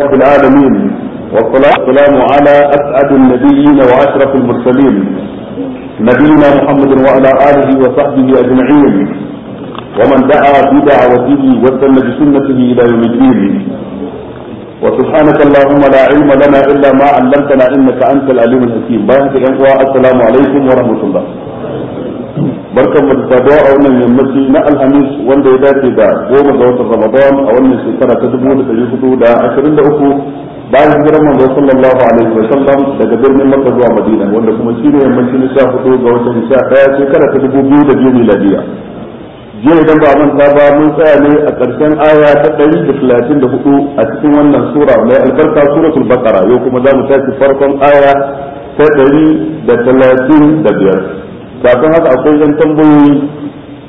رب العالمين والصلاة والسلام على أسعد النبيين وأشرف المرسلين نبينا محمد وعلى آله وصحبه أجمعين ومن دعا بدعوته واستنى بسنته إلى يوم الدين وسبحانك اللهم لا علم لنا إلا ما علمتنا إنك أنت العليم الحكيم بارك السلام عليكم ورحمة الله barkan mu da dawo a wannan yammaci na alhamis wanda ya dace da goma ga watan ramadan a wannan shekara ta dubu da ɗari hudu da ashirin da uku bayan hijirar manzo sallallahu alaihi wa sallam daga birnin makka zuwa madina wanda kuma shi ne yammaci na sha hudu ga watan sha ɗaya shekara ta dubu biyu da biyu miladiya jiya idan ba manta ba mun tsaya ne a ƙarshen aya ta ɗari da talatin da hudu a cikin wannan sura mai albarka suratul baqara yau kuma za mu tashi farkon aya ta ɗari da talatin da biyar kafin haka akwai yan tambayoyi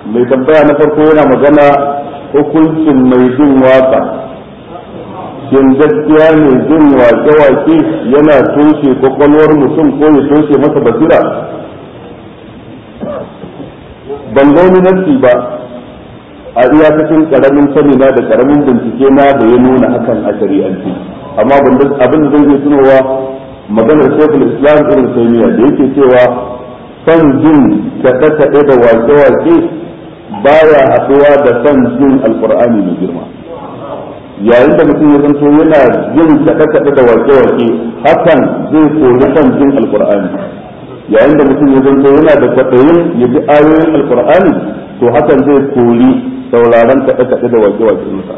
mai tambaya na farko yana magana hukuncin mai jin waka shin gaskiya mai jin wake-wake yana toshe kwakwalwar mutum ko ya toshe masa basira ban gani wani nassi ba a iyakacin karamin sani da karamin bincike na da ya nuna hakan a shari'anci amma abin da zan yi tunowa maganar shekul islam irin taimiyya da yake cewa son jin kaɗe-kaɗe da wake-wake baya haɗuwa da son jin alkur'ani mai girma yayin da mutum ya zanto yana jin kaɗe-kaɗe da wake-wake hakan zai kori son jin alkur'ani yayin da mutum ya zanto yana da kwaɗayin ya ji ayoyin alkur'ani to hakan zai kori sauraron kaɗe-kaɗe da wake-wake nasa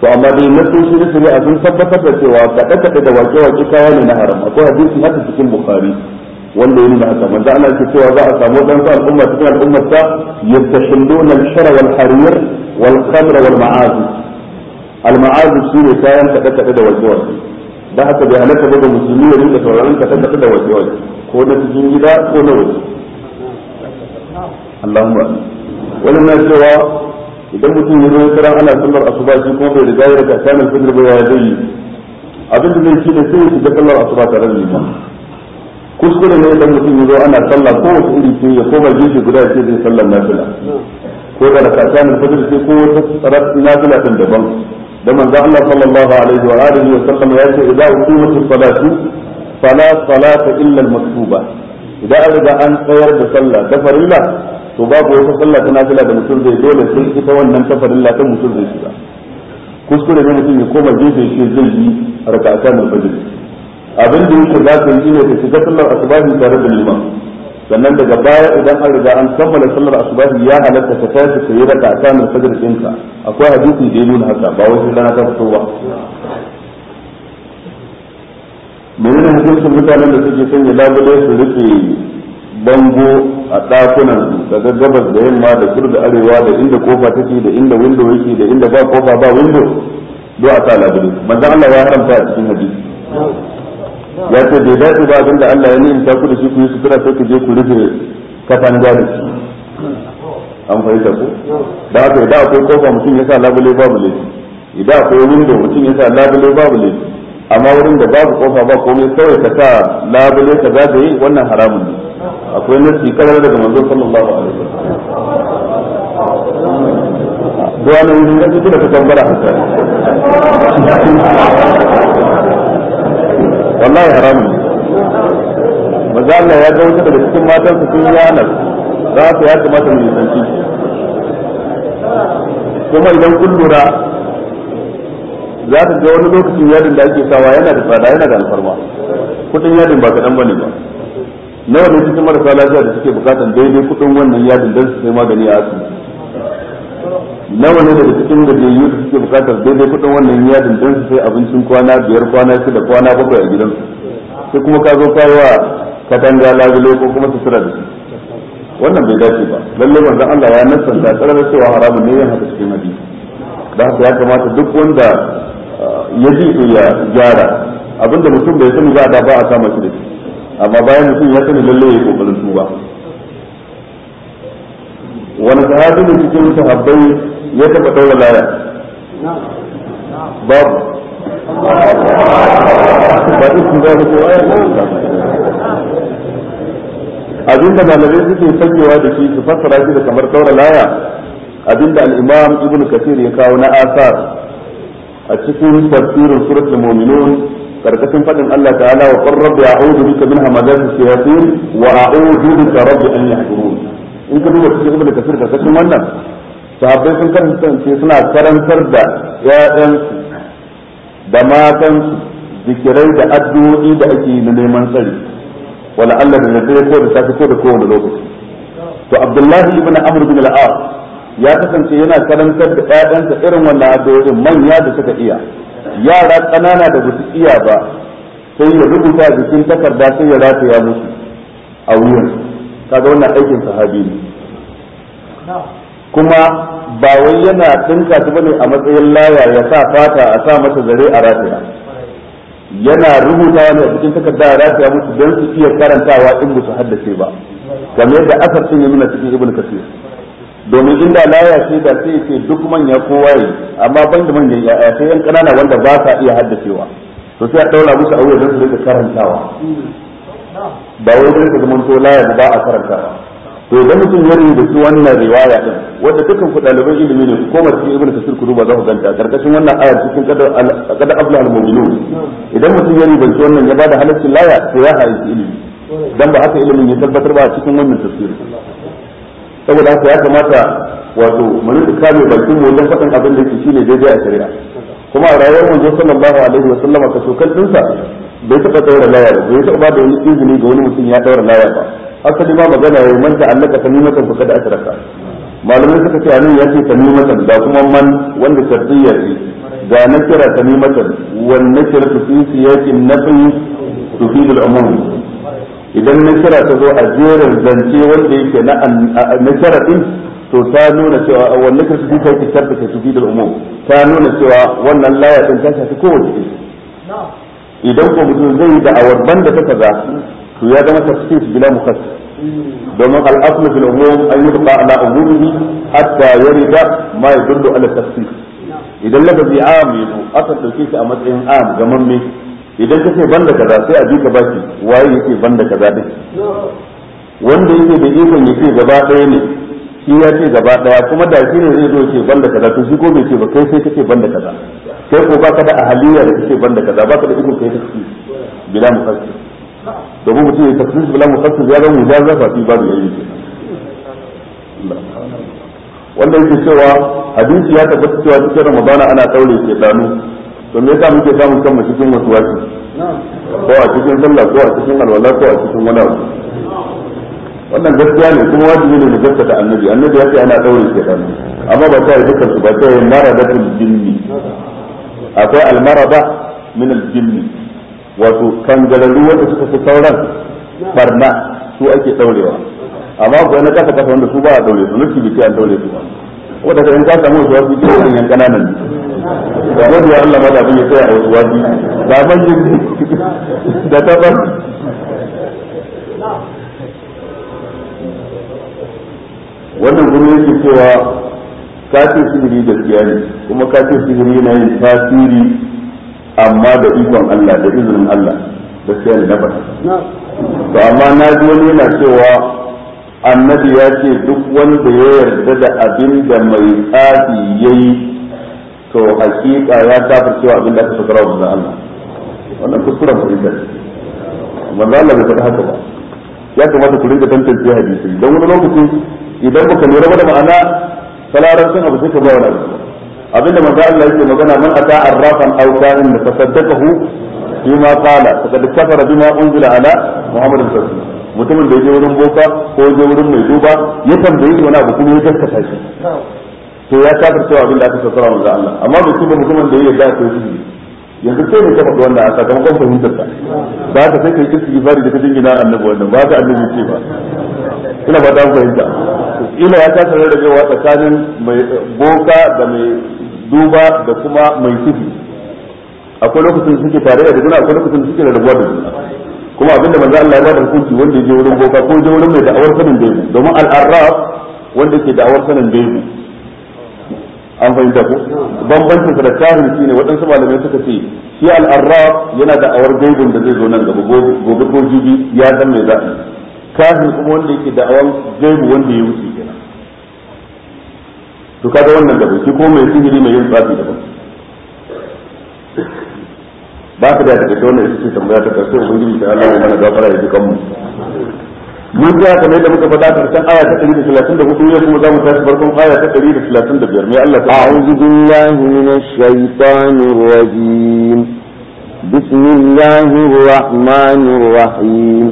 to amma dai nasoshi na shari'a sun tabbatar da cewa kaɗe-kaɗe da wake-wake kaya ne na haram akwai hadisi haka cikin bukhari wanda ya da haka manzo Allah yake cewa za a samu dan sa al'umma cikin al'umma ta yastahilluna al-shara wal harir wal khamra wal ma'az al ma'az ma'azif ne kayan kada kada da waje waje da haka bai halaka ba da musulmi ya rinka tauraron kada kada da waje waje ko na cikin gida ko na waje Allahumma wannan na cewa idan mutum ya zo karan ana sallar asuba shi ko bai riga ya raka sanin fitr ba ya zai abin da zai shi da sai ya shiga sallar asuba tare da kuskure ne idan mutum ya zo ana sallah ko wasu iri ce ya koma gefe guda ya ce zai sallar nafila ko da ta min fajr ce ko wata nafila tun daban da manzo Allah sallallahu alaihi wa alihi wa sallam ya ce idan uqimatu salatu fala salata illa al-maktuba idan an riga an tsayar da sallah da farilla to babu wata sallah ta nafila da mutum zai dole sai ita wannan ta farilla ta mutum zai shiga kuskure ne mutum ya koma gefe shi zai yi rakata min fajr abin da yake za ka yi ne ka shiga sallar asubahi tare da liman sannan daga baya idan an riga an kammala sallar asubahi ya halatta ka tashi ka yi raka ta nan sadar ɗinka akwai hadisi da ya nuna haka ba wai rana ta fito ba menene hukuncin mutanen da suke sanya labule su rike bango a ɗakunan daga gabas da yamma da kudu arewa da inda kofa take da inda window yake da inda ba kofa ba window do a sa labule manzon Allah ya haramta a cikin hadisi ya ce bai dace ba abinda Allah ya nuna ku da shi ku yi sutura sai ku je ku rufe kafan da shi an fahimta ko da haka idan akwai kofa mutum ya sa labule babu laifi idan akwai window mutum ya sa labule babu laifi amma wurin da babu kofa ba komai kawai ka sa labule ka zagaye wannan haramun ne akwai nasi kalar daga manzo sallallahu alaihi wasallam duwanan wurin da suke da kusan haka wallahi haramun ne maza Allah ya ga wata daga cikin matan su sun yana za su ya kamata mu nisanci kuma idan kun lura za ta ga wani lokacin yadin da ake sawa yana da tsada yana da alfarma kudin yadin ba kaɗan bane ba nawa ne cikin marasa lafiya da suke bukatan daidai kudin wannan yadin don su sai magani a asibiti nawa ne daga cikin da bai yi suke bukatar daidai kudin wannan ya don su sai abincin kwana biyar kwana shida kwana bakwai a gidansu sai kuma ka zo kawo katanga labule ko kuma sutura da shi wannan bai dace ba lalle manzon Allah ya nassanta tsarar cewa haramun ne yin haka cikin hadisi da haka ya kamata duk wanda uh, ya ji ya gyara abinda mutum bai sani ba da ba a kama shi da shi amma bayan mutum ya sani lalle ya kokarin tuba wani sahabi ne cikin sahabbai ya taba daura laya babu ba ikin za ku aya abinda malamai suke fakewa da shi su fassara shi da kamar daura laya abinda al-imam ibn kathir ya kawo na asar a cikin tafsirin suratul mu'minun karkashin fadin Allah ta'ala wa qur rabbi a'udhu bika min hamazati shayatin wa a'udhu bika rabbi an yahdurun in ka duba cikin ibnu kasir karkashin wannan sahabbai sun karanta suna karantar da yayansu da matan zikirai da addu'o'i da ake yi na neman tsari wala Allah da zai ko da safi ko da kowane lokaci to Abdullahi ibn Amr bin al ya kasance yana karantar da yayansa irin wannan addu'o'in manya da suka iya yara ƙanana da basu iya ba sai ya rubuta jikin takarda sai ya rataya musu a wuyan kaga wannan aikin sahabi ne kuma ba wai yana dinka shi bane a matsayin laya ya sa fata a sa masa zare a rafiya yana rubuta wani a cikin takarda a rafiya musu don su iya karantawa in musu haddace ba game da asar sun yi nuna cikin ibn kasir domin inda laya shi da sai ce duk manya kowa yi amma ban da manyan ya'ya sai yan kanana wanda ba sa iya haddacewa to sai a daura musu aure don su rika karantawa ba wai don su zamanto laya ba a karantawa to idan mutum ya rubuta wannan riwaya din wanda dukkan ku ɗaliban ilimi ne ku koma ibnu kasir ku duba za ku ganta karkashin wannan ayar cikin kadar abla al mu'minun idan mutum ya rubuta wannan ya bada halaccin laya to ya hayi ilimi dan ba haka ilimin ya tabbatar ba a cikin wannan tafsirin saboda haka ya kamata wato mu rinka kame bakin mu wajen faɗin abin da yake shine daidai a shari'a kuma a rayuwar manzo sallallahu alaihi wa sallama ka tokal dinsa bai taba daura laya ba bai taba ba da wani izini ga wani mutum ya daura laya ba asali ma magana ya man ta allaka tamimatan fa kada asraka malamai suka ce anan ya ce tamimatan da kuma man wanda tarbiyya ce ga na kira tamimatan wannan kira su fi siyakin nafi tufidul umum idan na kira ta zo a jerin zance wanda yake na na kira din to ta nuna cewa wannan kasu fi kai kitab da kasu da umum ta nuna cewa wannan laya din ta shafi kowace ɗin idan ko mutum zai yi da'awar banda ta kaza to ya zama tafsir bila mukassis domin al'aslu fil umum an yubqa ala umumihi hatta yarida ma yadullu ala tafsir idan lafazi am yazo akan ɗauke shi a matsayin am gamamme idan ka kace banda kaza sai a bi ka baki waye yake banda kaza din wanda yake da ikon yake gaba ɗaya ne shi ya ce gaba daya kuma da shi ne zai zo ce banda kaza to shi ko bai ce ba kai sai kake banda kaza kai ko baka da ahaliya da kake banda kaza baka da ikon kai ta ci bila mufassil domin mutum ya tafsir bila mufassil ya zama mujazafa fi babu yayi wanda yake cewa hadisi ya tabbata cewa da ramadana ana kaure ke danu to me yasa muke samun kanmu cikin wasu wasu ko a cikin sallah ko a cikin alwala ko a cikin wani abu wannan gaskiya ne kuma wajibi ne mu gaskata annabi annabi ya ce ana daure shaytan amma ba sai dukkan su ba sai maradatul jinni akwai almarada min aljinni wato kangararru wanda suka fi sauran barna su ake daurewa amma akwai na kasa kasa wanda su ba a daure su nufi bikin an daure su ba wanda in ka samu su wasu ke wani yan kananan ne da ya Allah ma da abin ya tsaya a wasu wasu da ban da ta tabar wannan gurin yake cewa kafin sihiri da ne kuma kafin sihiri yana yin tasiri amma da ikon Allah da izinin Allah da ne na to amma na ji wani yana cewa annabi ya ce duk wanda ya yarda da abin da mai tsafi ya yi to hakika ya tafi cewa abin da aka sakara wa manzon Allah wannan kuskuren fahimta ne manzon Allah bai faɗi haka ba ya kamata ku rinka tantance hadisi don wani lokaci idan baka lura ba da ma'ana salaran sun abu suka ba wani abu abinda manzo Allah yake magana man ata arrafan aw kanin da tasaddaqahu bima qala faqad kafara bima unzila ala muhammad sallallahu mutumin da ya je wurin boka ko je wurin mai duba ya tambayi wani abu kuma ya gaskata shi to ya kafirta cewa abin da aka sassara manzo Allah amma bai mutumin da ya yarda to yanzu sai mu kafa faɗi wannan a sakamakon fahimtar ta ba ka sai kai kirki fari da ka gina annabi wannan ba ka annabi ce ba ina ba ta fahimta ina ya kasa rarrabewa tsakanin mai boka da mai duba da kuma mai sifi akwai lokacin suke tare da juna akwai lokacin suke da rabuwa da juna kuma abinda manzo Allah ya bada hukunci wanda ya je wurin boka ko je wurin mai da'awar sanin gaibi domin al-arraf wanda yake da'awar sanin gaibi an fahimta ko bambancin da tsarin shi ne waɗansu malamai suka ce shi al'arraf yana da awar gaibin da zai zo nan gaba gobe ko jibi ya dan mai zaɓi kafin kuma wanda yake da awar gaibu wanda ya wuce kenan to kaga wannan gaba shi ko mai sihiri mai yin tsafi daban ba ka da daga wannan ita ce tambaya ta karshe ubangiji ta Allah ya mana gafara ya ji kanmu mun ga kamar da muka faɗa karshen aya ta 134 yau kuma za mu tashi farkon aya ta 135 mai Allah ta a'udhu billahi minash shaitanir rajim bismillahir rahmanir rahim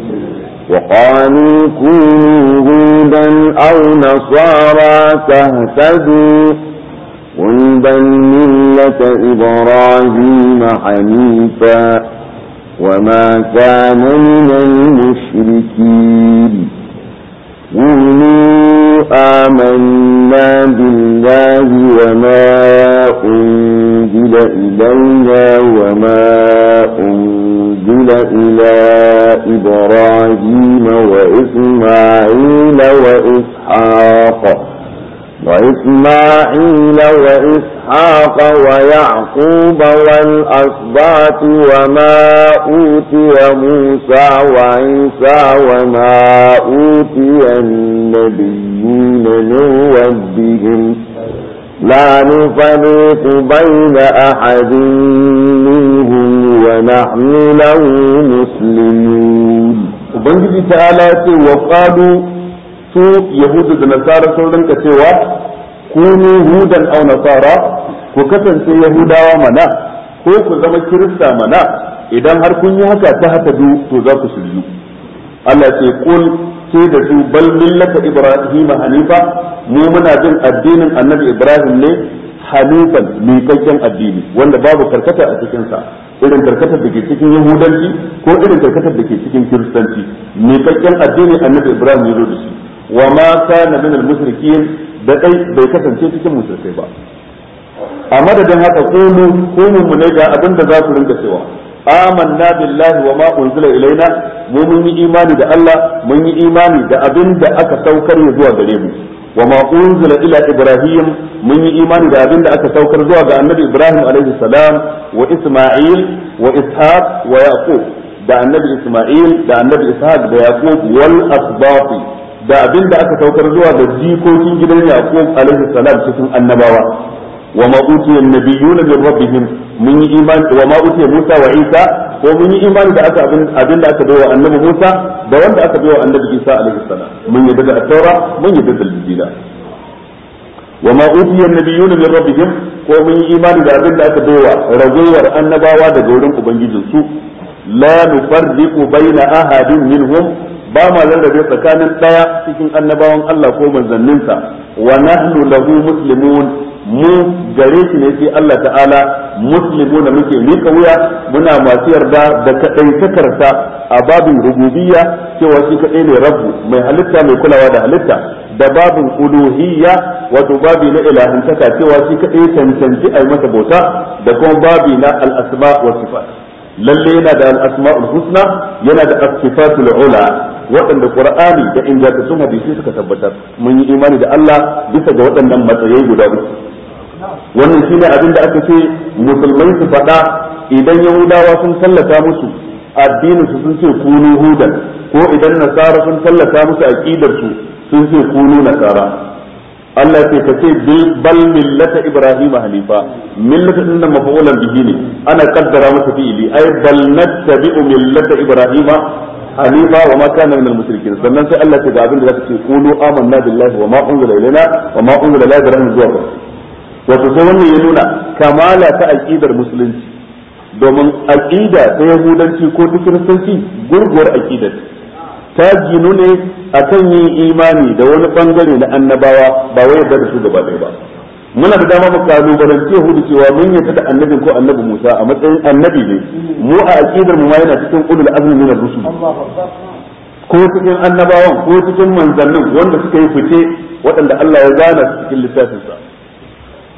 وقالوا كونوا هودا أو نصارى تهتدوا قل بل ملة إبراهيم حنيفا وما كانوا من المشركين قولوا آمنا بالله وما أنزل إلينا وما أنزل إلى إبراهيم وإسماعيل وإسحاق وإسماعيل وإسحاق ويعقوب والأسباط وما أوتي موسى وعيسى وما أوتي النبيين من ربهم لا نفرق بين أحد منهم ونحن له مسلمون وبنجد تعالى وقالوا su yahudu da nasara sun rinka cewa ku ne hudan aw nasara ku kasance yahudawa mana ko ku zama kirista mana idan har kun yi haka ta haka du to za ku shiryu Allah ce kul ke da su bal millata ibrahim hanifa mu muna jin addinin annabi ibrahim ne hanifan kakken addini wanda babu karkata a cikinsa irin karkatar da ke cikin yahudanci ko irin karkatar da ke cikin kiristanci kakken addini annabi ibrahim ya zo da shi wa ma kana min al-mushrikin da dai bai kasance cikin mushrikai ba a madadin haka qulu ku mu'minu ga abinda za ku rinka cewa amanna billahi wa ma unzila ilaina mu mun yi imani da Allah mun yi imani da abinda aka saukar zuwa gare mu wa ma unzila ila ibrahim mun yi imani da abinda aka saukar zuwa ga annabi ibrahim alaihi salam wa isma'il wa ishaq wa yaqub da annabi isma'il da annabi ishaq da yaqub wal asbati da abin da aka saukar zuwa da jikokin gidan yaqub alaihi salam cikin annabawa wa ma utiya an-nabiyyuna min rabbihim mun yi imani wa ma utiya Musa wa Isa ko mun yi imani da aka abin da aka bayar annabi Musa da wanda aka bayar annabi Isa alaihi salam mun yi daga at-taura mun yi daga injila wa ma utiya an-nabiyyuna min rabbihim ko mun yi imani da abin da aka bayar ragowar annabawa daga wurin ubangijinsu la nufarriqu bayna ahadin minhum ba ma tsakanin daya cikin annabawan Allah ko manzanninsa wa nahnu lahu muslimun mu gare shi ne sai Allah ta'ala muslimuna muke mika wuya muna masu yarda da kadai takarta a babin rububiyya cewa shi kadai ne rabbu mai halitta mai kulawa da halitta da babin uluhiyya wato babi na ilahantaka cewa shi kadai cancanci a masa bauta da kuma babi na al'asma wa sifat lalle yana da al-asma'ul husna yana da as-sifatul ula waɗanda qur'ani da ingantattun hadisi suka tabbatar mun yi imani da Allah bisa ga waɗannan matsayai guda uku wannan shine abin da aka ce musulmai su faɗa idan yahudawa sun sallata musu addinin su sun ce kunu hudan ko idan nasara sun sallata musu aqidar su sun ce kunu nasara Allah ce ka ce bal millata ibrahima hanifa millata din nan mafulan bihi ne ana kaddara masa fi'ili ay bal nattabi'u millata ibrahima hanifa wa ma kana minal mushrikin sannan sai Allah ce ga abin da zaka ce qulu amanna billahi wa ma unzila ilaina wa ma unzila ila ibrahima zuwa wato sai wannan ya nuna kamala ta aqidar musulunci domin aqida ta yahudanci ko ta kiristanci gurguwar aqidar ta ginu ne kan yin imani da wani bangare na annabawa ba wai da su gaba ɗaya ba muna da dama mu kalubalance hudu cewa mun yarda da annabin ko annabi Musa a matsayin annabi ne mu a aqidar mu yana cikin ulul azmi min ar-rusul ko cikin annabawan ko cikin manzannin wanda suka yi fice waɗanda Allah ya gana su cikin littafinsa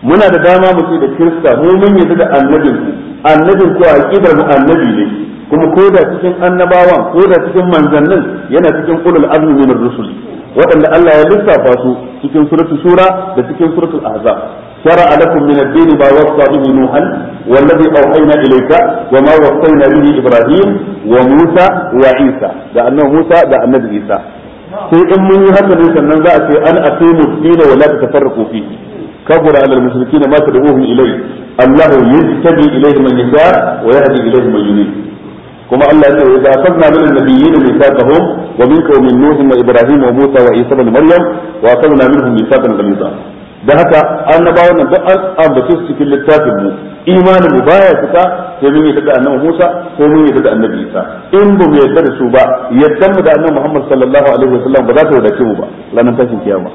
muna da dama mu ce da Kirista mu mun yarda da annabin annabin ko aqidar mu annabi ne kuma ko da cikin annabawan ko da cikin manzannin yana cikin ulul azmi min rusul waɗanda Allah ya lissafa su cikin suratul shura da cikin suratul ahzab شرع لكم من الدين ما وصى به نوحا na اوحينا اليك ibrahim wa musa wa isa da لانه musa da النبي isa. sai in mun yi haka ne sannan za a ce an aqimu ad-din wa la tatafarraqu fi kabura ala al-mushrikeena ma tad'uuhum ilayhi Allah yajtabi ilayhi man yasha wa yahdi ilayhi man yunib kuma Allah ya ce idza akhadna min an-nabiyyin mithaqahum wa minka wa min ibrahim wa musa wa isa ibn maryam wa akhadna minhum da haka annabawan nan duk an ambace su cikin littafin mu imanin mu baya fita sai mun yadda da annabi Musa ko mun yadda annabi Isa in ba mu yadda da su ba yaddan mu da annabi Muhammad sallallahu alaihi wasallam ba za ta wadace mu ba ranar tashin kiyama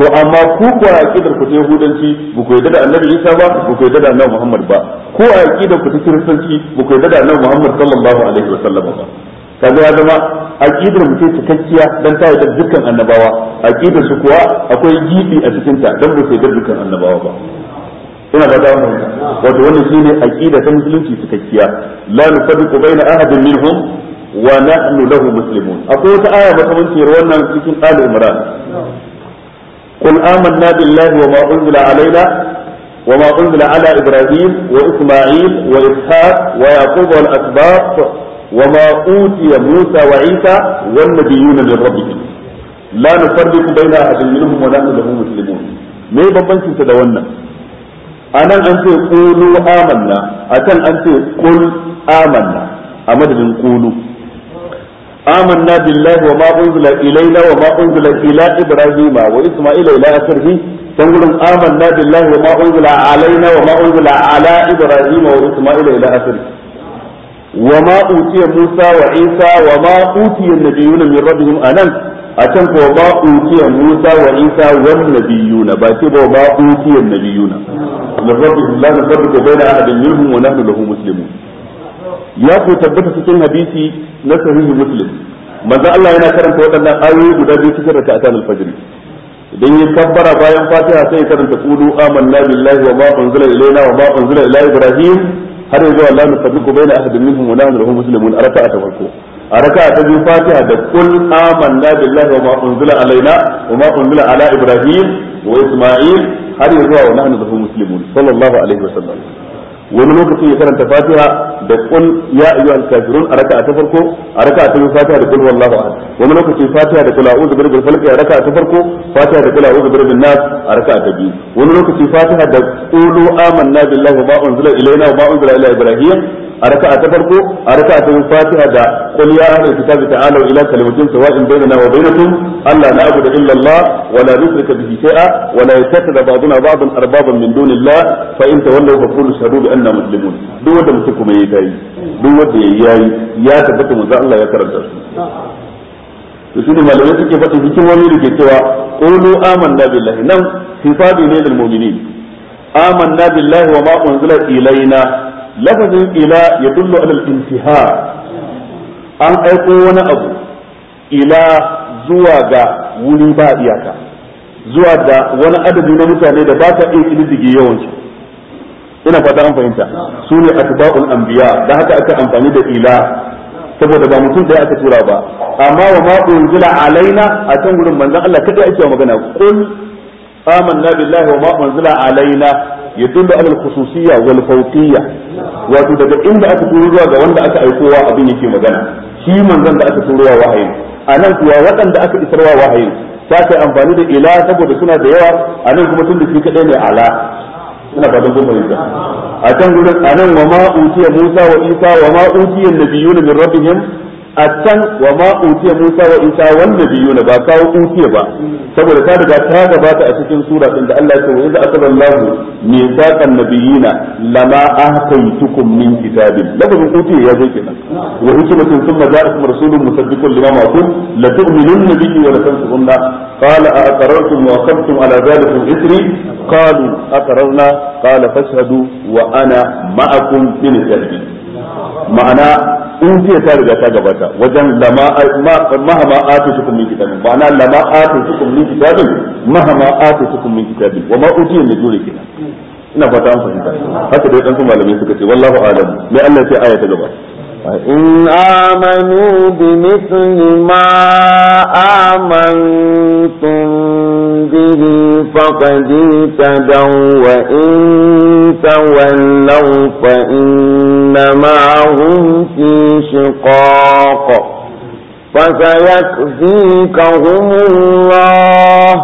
to amma ku ku a aqidar ku ta yahudanci bu ku yadda da annabi Isa ba bu ku yadda da annabi Muhammad ba ku a aqidar ku ta kiristanci bu ku yadda da annabi Muhammad sallallahu alaihi wasallam ba kaga ya zama aqidar mu ce cikakkiya dan ta yadda dukkan annabawa aqidar su kuwa akwai gibi a cikin ta dan bu su yadda dukkan annabawa ba ina ba da wannan wato wannan shine aqida ta musulunci cikakkiya la nusaddiqu baina ahadin minhum wa nahnu lahu muslimun akwai wata aya cewa wannan cikin al Imran قل آمنا بالله وما أنزل علينا وما أنزل على إبراهيم وإسماعيل وإسحاق ويعقوب والأسباط وما أوتي موسى وعيسى والنبيون من ربهم لا نفرق بين أحد منهم ونحن له مسلمون me bambancin sa da wannan anan an ce qulu amanna akan an ce qul amanna a madadin qulu آمنا بالله وما أنزل إلينا وما أنزل إلى إبراهيم وإسماعيل إلى آخره تنقول آمنا بالله وما أنزل علينا وما أنزل على إبراهيم وإسماعيل إلى آخره وما أوتي موسى وعيسى وما أوتي النبيون من ربهم أنا أتم وما أوتي موسى وعيسى والنبيون باتب وما أوتي النبيون من ربهم لا نفرق بين أحد منهم ونحن له مسلمون ya ku tabbata cikin hadisi na sahihu muslim manzo Allah yana karanta waɗannan ayoyi guda biyu cikin raka'atan al-fajr idan ya kabbara bayan fatiha sai ya karanta qulu amanna billahi wa ma unzila ilayna wa ma unzila ila ibrahim har yanzu Allah na ku baina ahadin minhum wa nahnu lahum muslimun a raka'a ta farko a raka'a ta biyu fatiha da qul amanna billahi wa ma unzila alaina wa ma unzila ala ibrahim wa isma'il har yanzu wa nahnu lahum muslimun sallallahu alaihi wa sallam wani lokacin ya karanta fatiha da kul ya ayyuha al-kafirun a raka'a ta farko a raka'a ta biyu fatiha da kul wallahu ahad wani lokacin fatiha da kul a'udhu bi rabbil falaq a raka'a ta farko fatiha da kul a'udhu bi rabbin nas a raka'a ta biyu wani lokacin fatiha da qulu amanna billahi wa ma unzila ilayna wa ma unzila ila ibrahim a raka'a ta farko a raka'a ta fatiha da qul ya ahlal kitabi wa ila kalimatin sawa'in bainana wa bainakum alla na'budu illa Allah wa la nushrika bihi shay'a wa la yattakhidha ba'duna ba'dan arbaban min dunillah fa in tawallaw fa qulu shahadu bi anna muslimun duk wanda mutum kuma yayi tayi duk wanda yayi yayi ya tabbata manzo Allah ya karanta su to shine malamai suke faɗi hikimomi da ke cewa qulu amanna billahi nan hisabi ne lil mu'minin amanna billahi wa ma unzila ilaina lafazin ila ya dullu alal intiha an aiko wani abu ila zuwa ga wuri ba iyaka zuwa da wani adadi na mutane da ba ta iya kididdige yawanci ina fata an fahimta su ne atba'ul anbiya da haka aka amfani da ila saboda ba mutum da aka tura ba amma wa ma unzila alaina a can gurin manzon Allah kada ake magana kul amanna billahi wa ma unzila alaina yadda ala al-khususiyya wal fawqiyya wato daga inda aka turuwa ga wanda aka aikowa abin yake magana shi manzon da aka turuwa wahayin anan kuwa waɗanda aka isarwa wahayin ta kai amfani da ila saboda suna da yawa anan kuma tun da shi kadai ne ala ina ba don gumar yanzu a can gurin anan wa ma Musa wa Isa wa ma utiya nabiyuna min rabbihim a can wa ma utiya Musa wa Isa wanda nabiyuna ba kawo utiya ba saboda ta daga ta gabata a cikin sura din da Allah ya ce wa mai asallallahu mithaqan nabiyina lama ahkaytukum min kitabin lafazin utiya ya zo kenan wa hikmatun thumma ja'akum rasulun musaddiqun lima ma'akum la tu'minunna bihi wa la tansurunna qala a aqrartum wa aqamtum ala dhalikum isri qalu aqrarna qala fashhadu wa ana ma'akum fil ma'ana in jiya ta riga ta gabata wajen mahama atu sukum min kitabin ba na lama atu sukum min kitabin mahama atu sukum min kitabin wa ma utiya ne dole kina ina fata an fahimta haka dai dan malamai suka ce wallahu alam mai Allah sai aya ta gaba فإن آمنوا بمثل ما آمنتم به فقد اهتدوا وإن تولوا فإنما هم في شقاق فسيكفيكهم الله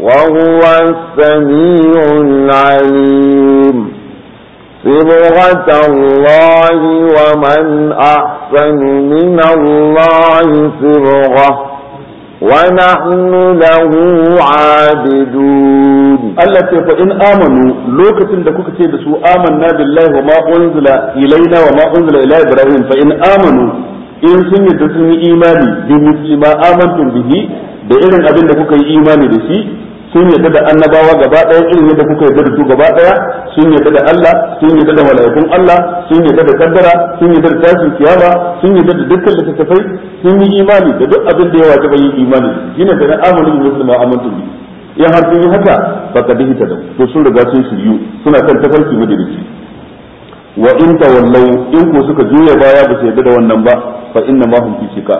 وهو السميع العليم صبغة الله ومن أحسن من الله صبغة ونحن له عابدون الله ce fa in amanu lokacin da kuka ce da su amanna billahi ma unzila ilaina wa ma unzila ila ibrahim fa in amanu in sun yi sun imani bi muslima amantum bihi da irin abin da kuka yi imani da shi sun yadda da annabawa gaba ɗaya irin yadda kuka yadda da su gaba ɗaya sun yadda da Allah sun yadda da mala'ikun Allah sun yadda da kaddara sun yadda da tashin kiyama sun yadda da dukkan littattafai sun yi imani da duk abin da ya wajaba yin imani shine da amalin muslima amantu bi in har sun yi haka ba baka dihita da to sun riga sun shiryu suna kan tafarki madalici wa in tawallaw in ko suka juya baya ba su yadda da wannan ba fa inna ma hum fi shika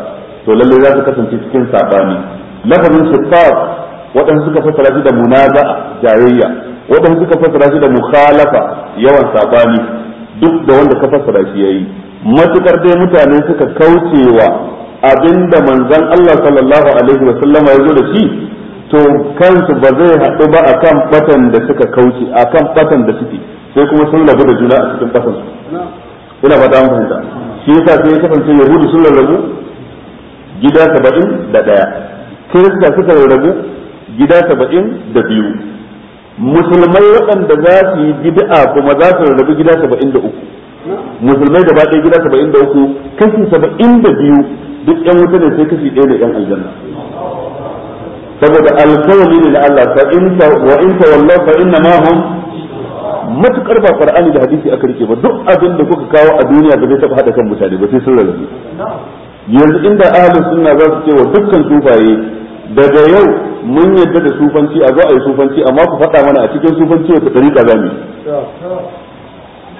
to lalle za su kasance cikin sabani lafazin shiqaq waɗansu suka fassara shi da a jayayya waɗansu suka fassara shi da mukhalafa yawan sabani duk da wanda ka fassara shi yayi matukar dai mutane suka kaucewa abinda manzon Allah sallallahu alaihi wa sallama ya zo da shi to kansu ba zai haɗu ba akan batan da suka kauce akan batan da suke sai kuma sun rabu da juna a cikin batan su ina ba an fahimta shi yasa sai ya kasance yahudu sun rabu gida saba'in da ɗaya kirista suka rabu gida saba'in da biyu musulmai waɗanda za su yi bid'a kuma za su rarrabu gida saba'in da uku musulmai da ɗaya gida saba'in da uku kashi saba'in da biyu duk yan wuta ne sai kashi ɗaya da yan aljanna saboda alkawali ne na Allah fa in wa in tawallaw fa inna ma hum matukar ba qur'ani da hadisi aka rike ba duk abin da kuka kawo a duniya ba zai taba hada kan mutane ba sai sun rarrabe yanzu inda ahlus sunna za su ce wa dukkan tufaye. daga yau mun yadda da sufanci a zo a yi sufanci amma ku faɗa mana a cikin sufanci wata ɗari za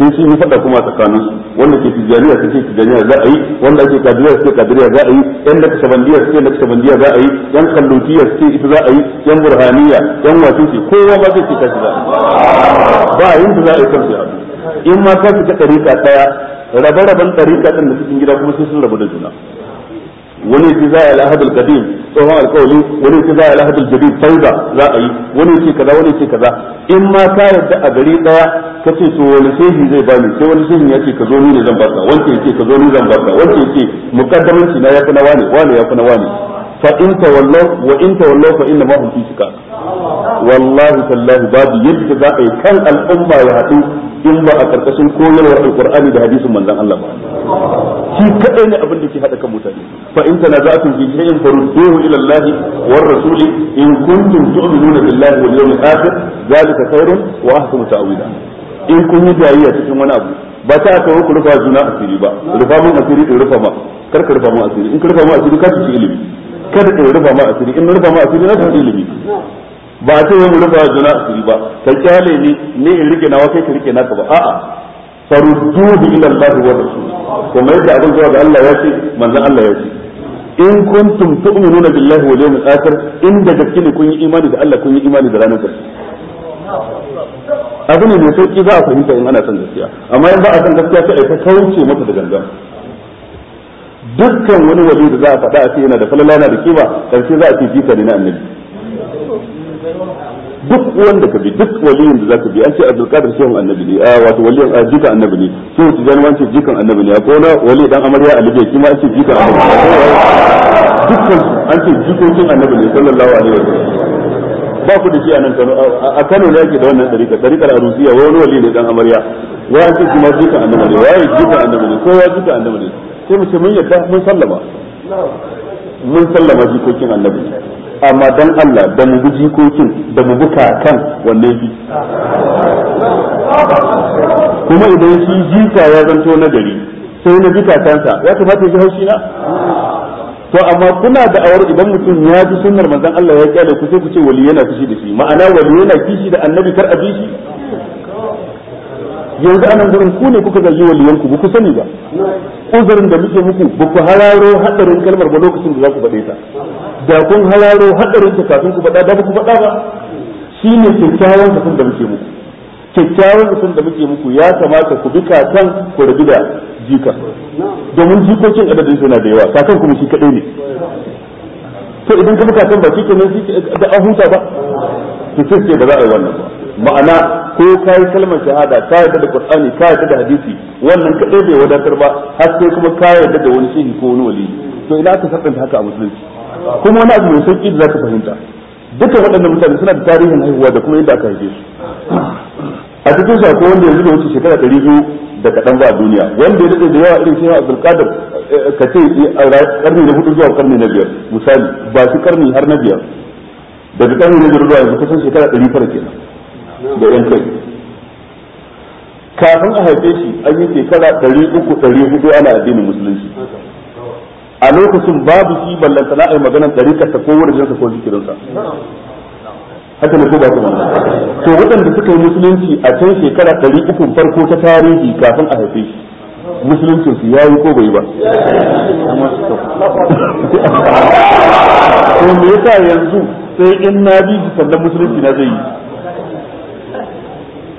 mu sai sun yi faɗa kuma tsakanin wanda ke tijjaniya su ce tijjaniya za a yi wanda ake kadiriya su ce kadiriya za a yi yan kasabandiya su ce kasabandiya za a yi yan kallokiyar su ce ita za a yi yan burhaniya yan wasu ce kowa ba zai ce kashi za ba a yin za a yi kansu ya in ma ka fita ɗariƙa ɗaya rabe-raben ɗariƙa ɗin da cikin gida kuma sai sun rabu da juna wani yace za a lahad alqadim tsohon alqawli wani yace za a lahad aljadid fayda za a yi wani yace kaza wani yace kaza in ma ka yarda a gari daya kace to wani shehi zai bani sai wani shehi ya ce ka zo ni ne zan baka wanda yace ka zo ni zan baka wanda yace shi na ya na wani wani ya na wani fa in inna ma hum fi shikak wallahi tallahi babu yadda za a yi kan al'umma ya haɗu in ba a karkashin koyarwar alqur'ani da hadisin manzon Allah ba shi kadai ne abin da ke hada kan mutane fa in tanaza'tum fi shay'in farudduhu ila Allah war rasuli in kuntum tu'minuna billahi wal yawmil akhir zalika khairun wa ahsanu ta'wila in kun yi cikin wani abu ba ta aka ku rufa juna asiri ba rufa mun asiri in rufa ma kar ka rufa in rufa ka ci ilimi kada in rufa ma asiri in rufa ma asiri na san ilimi ba a ce wani rufa juna asiri ba ka kyale ni ne in rike nawa kai ka rike naka ba a'a bi ila Allah wa rasul mai da abin zuwa ga Allah ya ce manzon Allah ya ce in kuntum tu'minuna billahi wal yawmil akhir in da gaske ne kun yi imani da Allah kun yi imani da ranar ƙarshe abin ne mai sauki za a fahimta in ana son gaskiya amma in ba a san gaskiya sai a ta kauce mata da gangan dukkan wani wali da za a faɗa a ce yana da falala yana da kima karshe za a ce jika ne na annabi duk wanda ka bi duk waliyin da zaka bi an ce Abdul Qadir shehun annabi ne a wato waliyin a jika annabi ne so su gani wance jikan annabi ne akwai wani wali dan amarya a libya kima an ce jikan annabi dukkan an ce jikokin annabi ne sallallahu alaihi wasallam ba ku da shi a nan Kano a Kano ne ake da wannan dariƙa dariƙar Arusiya wani wali ne dan amarya wa an ce kuma jika annabi ne ya jika annabi ne kowa jika annabi ne sai mu ce mun yadda mun sallama mun sallama jikokin annabi amma dan Allah da mu bi jikokin da mu buka kan wannan bi kuma idan shi jika ya zanto na gari sai na bi kakansa ya kamata ya ji haushi na to amma kuna da awar idan mutum ya ji sunnar manzon Allah ya kyale ku sai ku ce wali yana kishi da shi ma'ana wali yana kishi da annabi kar a bi shi yanzu anan gurin ku ne kuka zargi waliyanku ku sani ba uzurin da muke muku ba ku hararo hadarin kalmar ba lokacin da za ku faɗe ta da kun hararo hadarin ta kafin ku faɗa da ba ku faɗa ba shine kyakkyawan mutum da muke muku kyakkyawan mutum da muke muku ya kamata ku bi kakan ku rabu da jika domin jikokin adadin suna da yawa kakan kuma shi kaɗai ne to idan ka bi kakan ba shi kenan da an huta ba to sai ba za a yi wannan ba ma'ana ko kai kalmar shahada ka yarda da qur'ani ka yarda da hadisi wannan kadai bai wadatar ba har sai kuma ka yarda da wani shehi ko wani wali to ina ka sabanta haka a musulunci kuma wani abu mai sauki da zaka fahimta duka waɗannan mutane suna da tarihin haihuwa da kuma yadda aka haife su a cikin su akwai wanda yanzu da wuce shekara ɗari biyu da kaɗan ba a duniya wanda ya daɗe da yawa irin shehu abdulkadir eh, ka ce karni eh, na hudu zuwa karni na biyar misali ba shi karni har na biyar daga karni na biyar zuwa yanzu kusan shekara ɗari tara kenan da yan kai kafin a haife shi an yi shekara ɗari uku ɗari hudu ana addinin musulunci a lokacin babu shi ballanta na yi maganar ɗari ka ko wurin ko zikirinsa haka ne ko ba kuma to waɗanda suka yi musulunci a can shekara ɗari uku farko ta tarihi kafin a haife shi musulunci su yayi ko bai ba to me yasa yanzu sai in na bi sannan musulunci na zai yi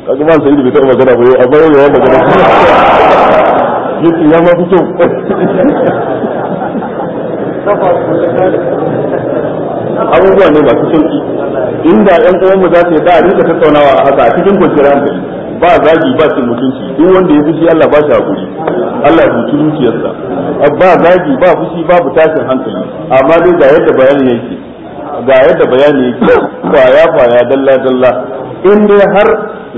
kaga ma sai bai taɓa magana ba amma yau ya magana yace ya ma kyau. abubuwa ne masu sauki inda yan uwan mu za su yi da rika tattaunawa a haka a cikin kwanciyar hankali ba zagi ba cin mutunci duk wanda ya fushi Allah ba shi hakuri Allah ya hutu zuciyarsa ba zagi ba fushi babu tashin hankali amma dai ga yadda bayanin yake ga yadda bayani yake kwaya kwaya dalla dalla in dai har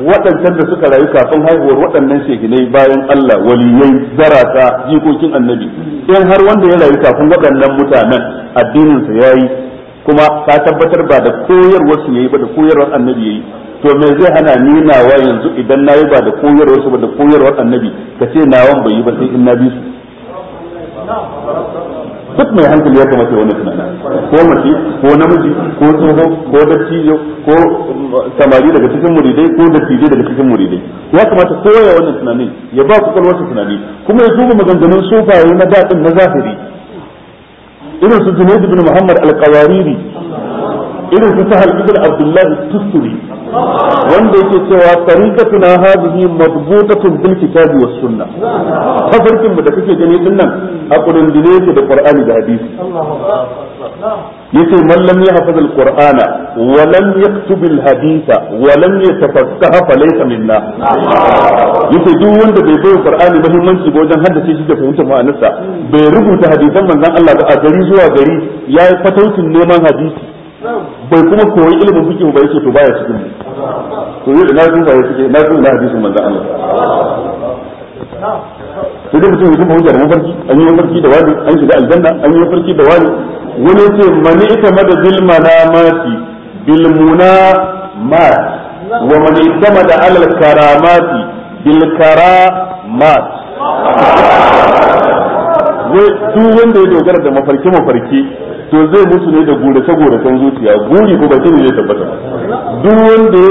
waɗancan da suka rayu kafin haihuwar waɗannan shekinai bayan Allah waliyai zarata jikokin annabi in har wanda ya rayu kafin waɗannan mutanen addininsa ya yi kuma ka tabbatar ba da koyarwar su yayi ba da koyarwar annabi yayi to me zai hana ni nawa yanzu idan nayi ba da koyarwar su ba da koyarwar annabi ka ce nawan bai yi ba sai in na bi su duk mai hankali ya kamata wani tunana ko mace ko namiji ko tsoho ko dattijo ko um, samari daga cikin muridai ko dattijai daga cikin muridai ya kamata kowa ya wannan tunanin ya ba kwakwalwarsa tunani kuma ya duba maganganun sufaye na daɗin na zahiri irin su Junaid ibn Muhammad al-Qawariri irin su sahal ibn abdullah tusuri wanda yake cewa tariqatuna hadhihi madbutatun bil kitabi was sunnah tafarkin mu da kake gani din nan a kudin yake da qur'ani da hadisi yace man lam yahfaz al qur'ana wa lam yaktub al haditha wa lam yatafaqaha fa laysa minna yace duk wanda bai bai qur'ani muhimmanci ba wajen haddace shi da fahimtar ma'anarsa bai rubuta hadisan manzon Allah ba a gari zuwa gari yayi fatautin neman hadisi bai kuma koyi ilimin fiqh ba yake to baya cikin mu to yau da na duba ya cike na duba hadisin manzo Allah sai duk mutum ya duba hujjar farki an yi farki da wani an shiga aljanna an yi farki da wani wani ce mani ita mada bil manamati bil munamat wa mani ita mada alal karamati bil karamat akwai duk wanda ya dogara da mafarki mafarki to zai mutu ne da ta gurace kan zuciya guri ko bakin ne tabbata duk wanda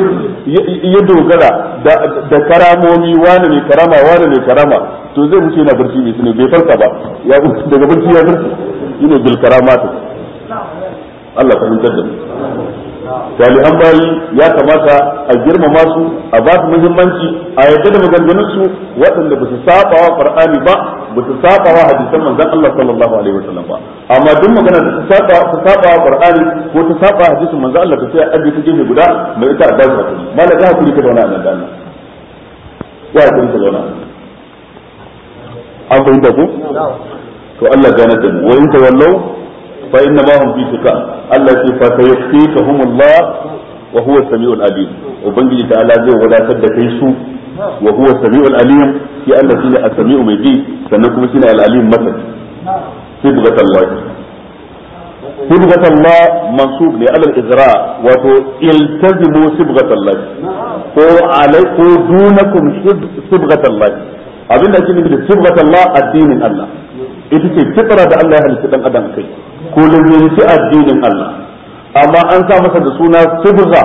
ya dogara da karamomi wani ne karama wani ne karama to zai mutu yana barci mai ne bai farka ba ya daga barci ya farka ina bil karamatu Allah fahimtar da mu salihan bayi ya kamata a girmama su a ba su muhimmanci a yadda da maganganun su waɗanda ba su saba wa qur'ani ba ba su saba wa hadisan manzon Allah sallallahu alaihi wasallam ba amma duk magana da su saba su saba wa qur'ani ko ta saba hadisin manzon Allah ta sai a ajiye ne guda mai ita a dawo ta malaka hakuri ka zauna a nan dan ya hakuri ka zauna an fahimta ku to Allah ganar da mu wa in tawallau فإنما هم في شقاء التي يقول فسيكفيكهم الله وهو السميع العليم وبنجي تعالى زي ولا سد كيسو وهو السميع العليم في الله سيدي السميع مجي سنكم سيدي العليم مثل صبغة الله صبغة الله منصوب لعلى الإذراء وتو التزموا صبغة الله قو عليكم دونكم صبغة الله أبين أجل صبغة الله الدين الله إذا كنت تقرأ بأن الله يحلس الأدم كيف ko lazirci addinin Allah amma an sa masa da suna sibra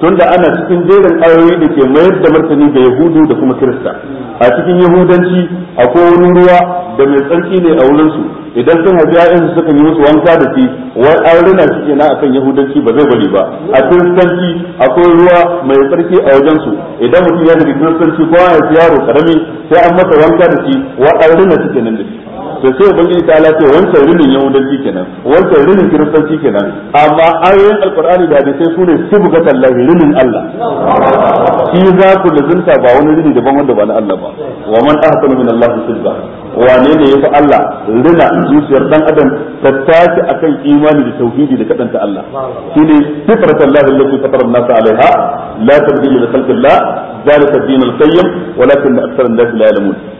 tunda ana cikin jerin ayoyi da ke mayar da martani ga yahudu da kuma kirista a cikin yahudanci akwai wani ruwa da mai tsarki ne a wurinsu idan sun haifi su suka yi musu wanka da shi wai an rina shi akan yahudanci ba zai bari ba a kiristanci akwai ruwa mai tsarki a wajen su idan mutum ya daga kiristanci ko ya haifi yaro karami sai an masa wanka da shi wai an rina shi da shi to sai ubangiji ta ala ce wancan rinin yahudanci kenan wancan rinin kiristanci kenan amma ayoyin alqur'ani da hadisai sune subgatan lahi rinin Allah shi za ku lazunta ba wani rini daban wanda ba na Allah ba wa man ahsanu min Allah subga wane ne yafi Allah rina zuciyar dan adam ta tashi akan imani da tauhidi da kadanta Allah shine fitratan lahi allati fatara an-nasa alaiha la tabdila li khalqillah ذلك الدين القيم ولكن أكثر الناس لا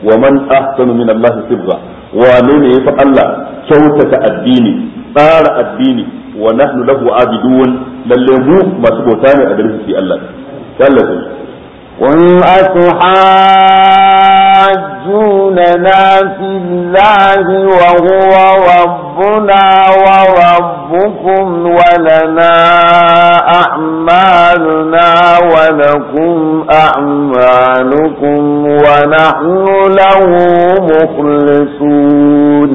wa man أحسن من الله صبغة wane ne ya yafi Allah kyautata addini tsara addini wa nahnu lahu abidun lalle mu masu bauta ne a garin shi Allah Allah wan fi قل wa huwa rabbuna wa rabbukum wa lana لكم أعمالكم ونحن له مخلصون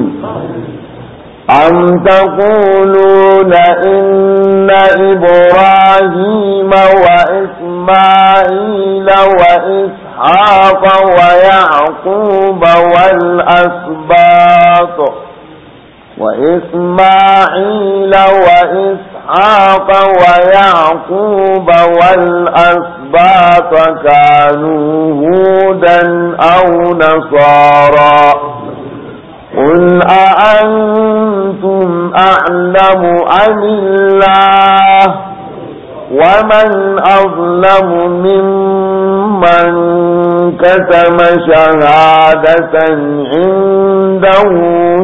أم تقولون إن إبراهيم وإسماعيل وإسحاق ويعقوب والأسباط وإسماعيل وإسحاق ويعقوب والأسباط القربى فكانوا هودا أو نصارا قل أأنتم أعلم أم الله ومن أظلم ممن كتم شهادة عنده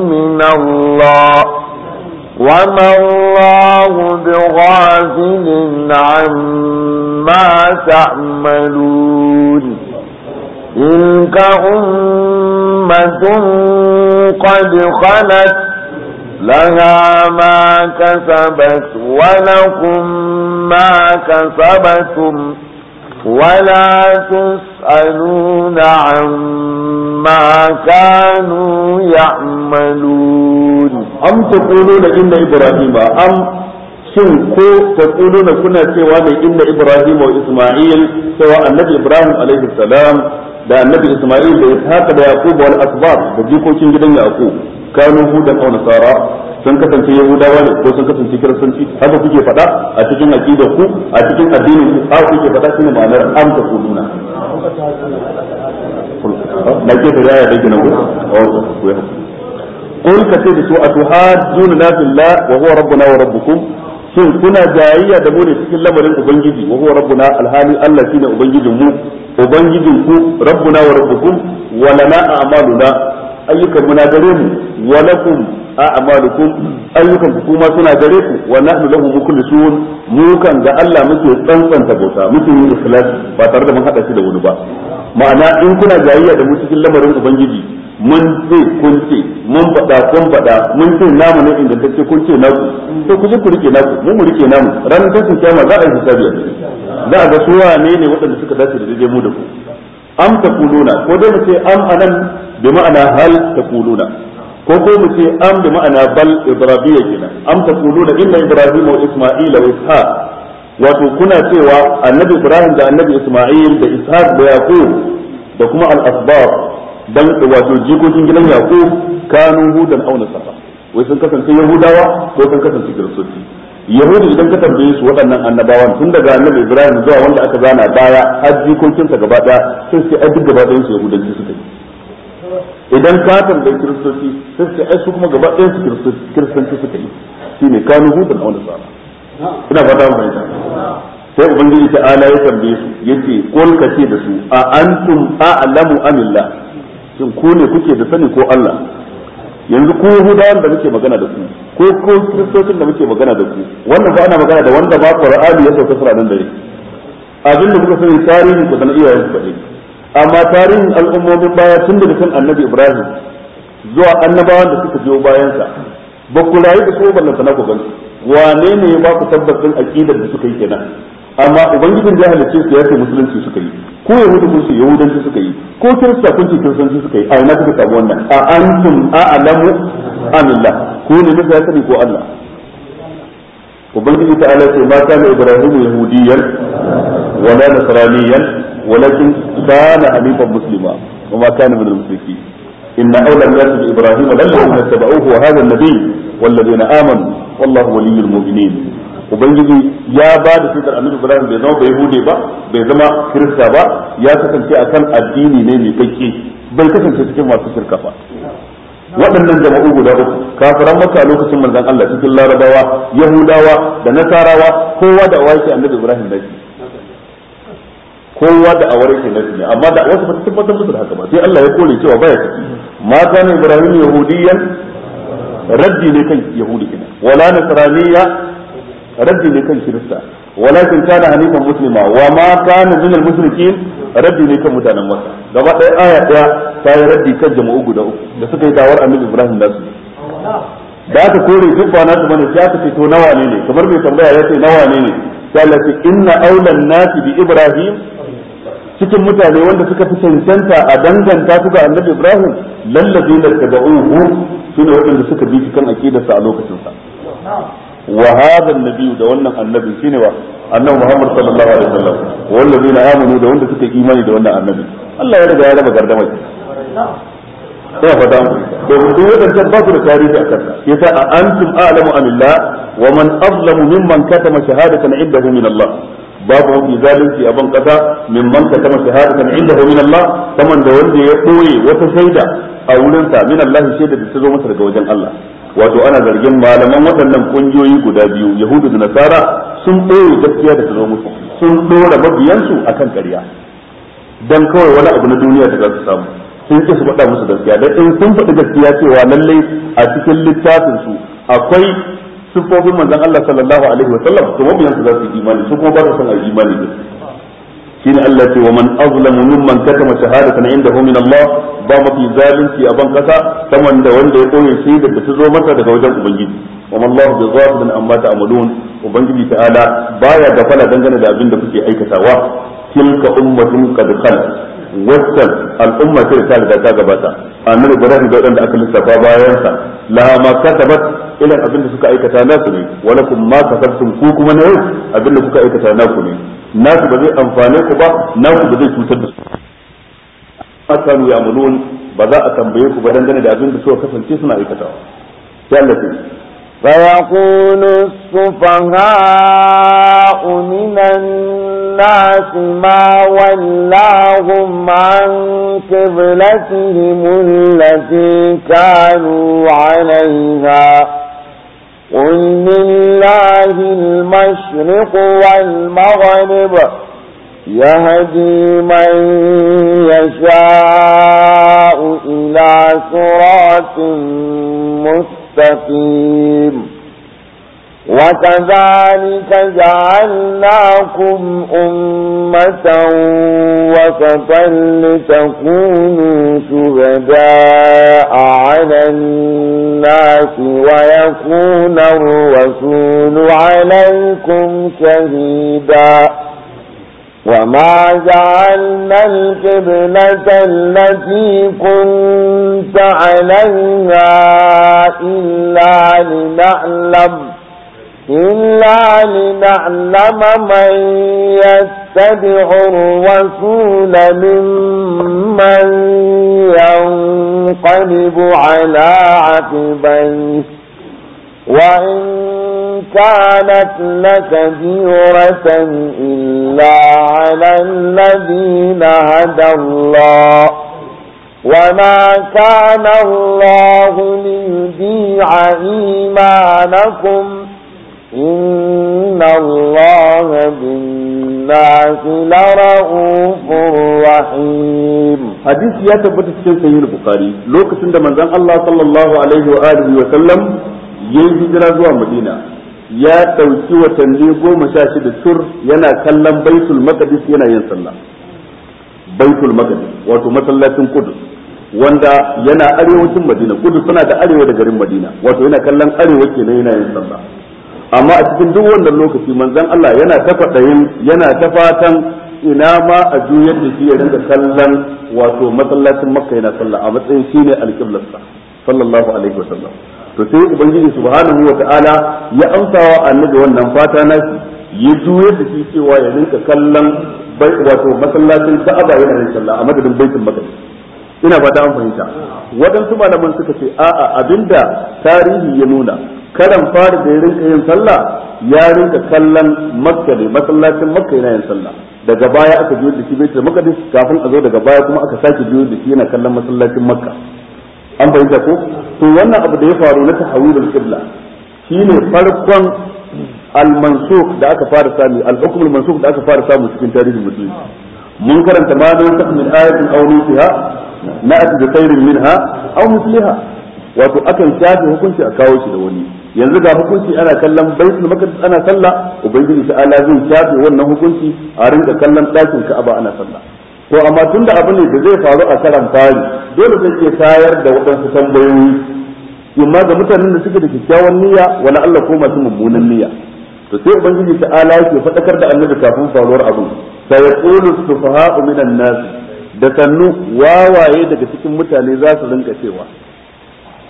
من الله وما الله بغافل عما تعملون تلك أمة قد خلت لها ما كسبت ولكم ما كسبتم ولا تسألون يسألون عما كانوا يعملون أم تقولون إن إبراهيم أم shin ko ta na kuna cewa mai inna ibrahim wa isma'il cewa annabi ibrahim alaihi salam da annabi isma'il da haka da yaqub wal asbab da jikokin gidan yaqub kanu hudan aw nasara sun kasance yahudawa ne ko sun kasance kiristanci haka kuke faɗa a cikin aqida ku a cikin addinin ku a kuke faɗa shine ma'anar amsa ta nuna na ke da ya dake gina ko ku ya da ka ce da su atuhaduna la billah wa huwa rabbuna wa rabbukum shin kuna jayayya da mu ne cikin lamarin ubangiji wa huwa rabbuna alhali Allah shine ubangijin mu ubangijin ku rabbuna wa rabbukum wa lana a'maluna ayyukan na gare mu wa lakum a'malukum ayyukan ku kuma suna gare ku wa nahnu lahu mukhlisun mu kan ga Allah muke tsantsanta bauta muke yin ikhlas ba tare da mun hada shi da wani ba ma'ana in kuna jayayya da mu cikin lamarin ubangiji mun ce kun ce mun faɗa kun faɗa mun ce namu ne take kun ce naku to ku ji ku rike naku mu mu rike namu ran da ku za a yi hisabi za a ga su wane ne waɗanda suka dace da daidai mu da ku am ta kuluna ko dai mu ce am anan bi ma'ana hal taquluna ko ko mu ce am bi ma'ana bal ibrahimiyya kenan am taquluna inna ibrahima wa isma'ila wa wato kuna cewa annabi ibrahim da annabi isma'il da ishaq da yaqub da kuma al-asbab dan wato jikokin gidan yaqub kanu hudan aw nasara wai sun kasance yahudawa ko sun kasance kiristoci yahudu idan ka tambaye su waɗannan annabawan tun daga annabi ibrahim zuwa wanda aka zana baya har jikokinsa gaba ɗaya sai sai ai duk gaba ɗayan su yahudanci suka yi idan ka tambayi kiristoci sai ce ai su kuma gaba ɗayan su kiristoci suka yi ne shine kanu da aw nasara ina fata mun fahimta sai ubangiji ta ala ya tambaye su yace qul ka ce da su a antum a'lamu amilla shin ko ne kuke da sani ko Allah yanzu ko hudawan da muke magana da su ko ko kiristocin da muke magana da su wannan ba ana magana da wanda ba qur'ani ya sauka sura nan dare abin da muka sani tarihi ku sanar iyayen ku kadai amma tarihin al'ummomin baya tun daga kan annabi ibrahim zuwa annabawan da suka biyo bayansa ba ku rayu da kuma ballanta na gobe wane ne ya ba ku tabbacin aqidar da suka yi kenan amma ubangijin da halicce su ya ce musulunci suka yi ko yahudu kun ce yahudanci suka yi ko kirista kun ce kiristanci suka yi a ina kuka samu wannan a antum a'lamu amillah ko ne muka ya sani ko Allah ubangiji ta'ala ce ma kana ibrahim yahudiyan wala nasraniyan walakin kana hanifan muslima وما كان من المشركين إن أولى الناس بإبراهيم للذين اتبعوه وهذا النبي والذين آمنوا والله ولي المؤمنين ubangiji ya ba da fitar annabi ibrahim bai zama bai hude ba bai zama kirista ba ya kasance akan addini ne mai kake bai kasance cikin masu shirka ba waɗannan jama'u guda uku kafiran maka lokacin manzon Allah cikin larabawa yahudawa da nasarawa kowa da wake annabi ibrahim da shi kowa da awar ke nafi ne amma da wasu bata tabbatar musu da haka ba sai Allah ya kore cewa baya ciki ma kana ibrahim yahudiyan raddi ne kan yahudi kina wala nasraniya raddi ne kan kirista walakin kana hanifan muslima wa ma kana min al mushrikin raddi ne kan mutanen masa gaba ɗaya aya ɗaya ta yi raddi kan jama'u guda uku da suka yi dawar annabi ibrahim su da aka kore duk ba nasu bane sai aka ce to nawa ne ne kamar mai tambaya ya ce nawa ne ne sai Allah ce inna aulan nasi bi ibrahim cikin mutane wanda suka fi cancanta a danganta su ga annabi ibrahim lallazi da su ne waɗanda suka bi cikin aqidarsa a lokacin sa wa hadha an da wannan annabi shine wa annabi muhammad sallallahu alaihi wasallam na amanu da wanda suka imani da wannan annabi Allah ya riga ya raba gardamar sai fa mu. to duk wadannan ba su da tarihi a kanka yasa a antum a'lamu amillah wa man azlamu mimman katama shahadatan indahu min Allah babu mafi zalunci a ban kasa min man ka kama shahadatan indahu min Allah kaman da wanda ya boye wata shaida a wurin sa min Allah shaida da ta zo masa daga wajen Allah wato ana zargin malaman waɗannan kungiyoyi guda biyu yahudu da nasara sun boye gaskiya da ta zo sun dora mabiyansu akan ƙarya dan kawai wani abu na duniya da za su samu sun ce su faɗa musu gaskiya dan in sun faɗi gaskiya cewa lallai a cikin littafin su akwai siffofin manzon Allah sallallahu alaihi wa sallam to mabiyan su za su imani su kuma ba su san a imani din shine Allah ce wa man azlamu mimman katama shahadatan indahu min Allah ba mafi zalunci a ban kasa saman da wanda ya koyi shi da ta zo masa daga wajen ubangiji wa wallahu bi ghafilin amma ta'malun ubangiji ta'ala baya fala dangane da abin da kuke aikatawa tilka ummatun qad khalat wannan al'umma ce da ta riga ta gabata annabi ibrahim da wadanda aka lissafa bayan sa laha ma katabat irin abin da suka aikata naku ne wala kun ma kasabtum ku kuma ne abin da kuka aikata naku ne naku ba zai amfane ku ba naku ba zai cutar da su akanu ya'malun ba za a tambaye ku ba dangane da abin da suka kasance suna aikatawa sai Allah ya فيقول السفهاء من الناس ما ولاهم عن قبلتهم التي كانوا عليها قل لله المشرق والمغرب يهدي من يشاء إلى صراط مستقيم وكذلك جعلناكم أمة وسطا لتكونوا شهداء على الناس ويكون الرسول عليكم شهيدا وما جعلنا القبلة التي كنت عليها إلا لنعلم إلا لنعلم من يتبع الرسول ممن ينقلب على عقبيه وإن كانت لكبيرة إلا على الذين هدى الله وما كان الله ليبيع إيمانكم إن الله بالناس لرؤوف رحيم حديث يا تبت cikin sayyid bukhari lokacin da manzon Allah sallallahu alaihi عليه وآله wa sallam yayi hijira zuwa Madina ya ومشاشد watanni goma sha shida tur yana kallon بيت Maqdis yana sallah wanda yana arewacin Madina kudu suna da arewa da garin Madina wato yana kallon arewa kenan yana yin sallah amma a cikin duk wannan lokaci manzon Allah yana ta fadayin yana ta fatan ina ma a juyar da shi ya rinka kallon wato masallacin makka yana sallah a matsayin shine alqiblarsa sallallahu alaihi wa wasallam to sai ubangiji subhanahu wa ta'ala ya amsawa annabi wannan fata na shi ya juyar da shi cewa ya rinka kallon wato masallacin Ka'aba yana yin sallah a madadin baitul maqdis ina ba fata an fahimta waɗansu malaman suka ce a'a abinda tarihi ya nuna karan fara da ya rinka yin sallah ya rinka kallon makka ne masallacin makka yana yin sallah daga baya aka biyo da shi baitul maqdis kafin a zo daga baya kuma aka sake biyo da shi yana kallon masallacin makka an bayyana ko to wannan abu da ya faru na tahawirul qibla shine farkon al-mansukh da aka fara sami al-hukm al-mansukh da aka fara samu cikin tarihin musulmi mun karanta ma da ta min ayatin aw nusiha na'at bi khairin minha aw misliha wato akan shafe hukunci a kawo shi da wani yanzu ga hukunci ana kallon baitul maqdis ana sallah ubangiji ta ala zai shafe wannan hukunci a rinka kallon ɗakin ka'aba ana sallah to amma tunda abu ne da zai faru a karan fari dole zai iya tayar da waɗansu tambayoyi imma ga mutanen da suke da kyakkyawan niyya wala Allah ko masu mummunan niyya to sai ubangiji ta ala yake faɗakar da annabi kafin faruwar abu sai yaqulu sufaha'u minan nas da sannu wawaye daga cikin mutane za su rinka cewa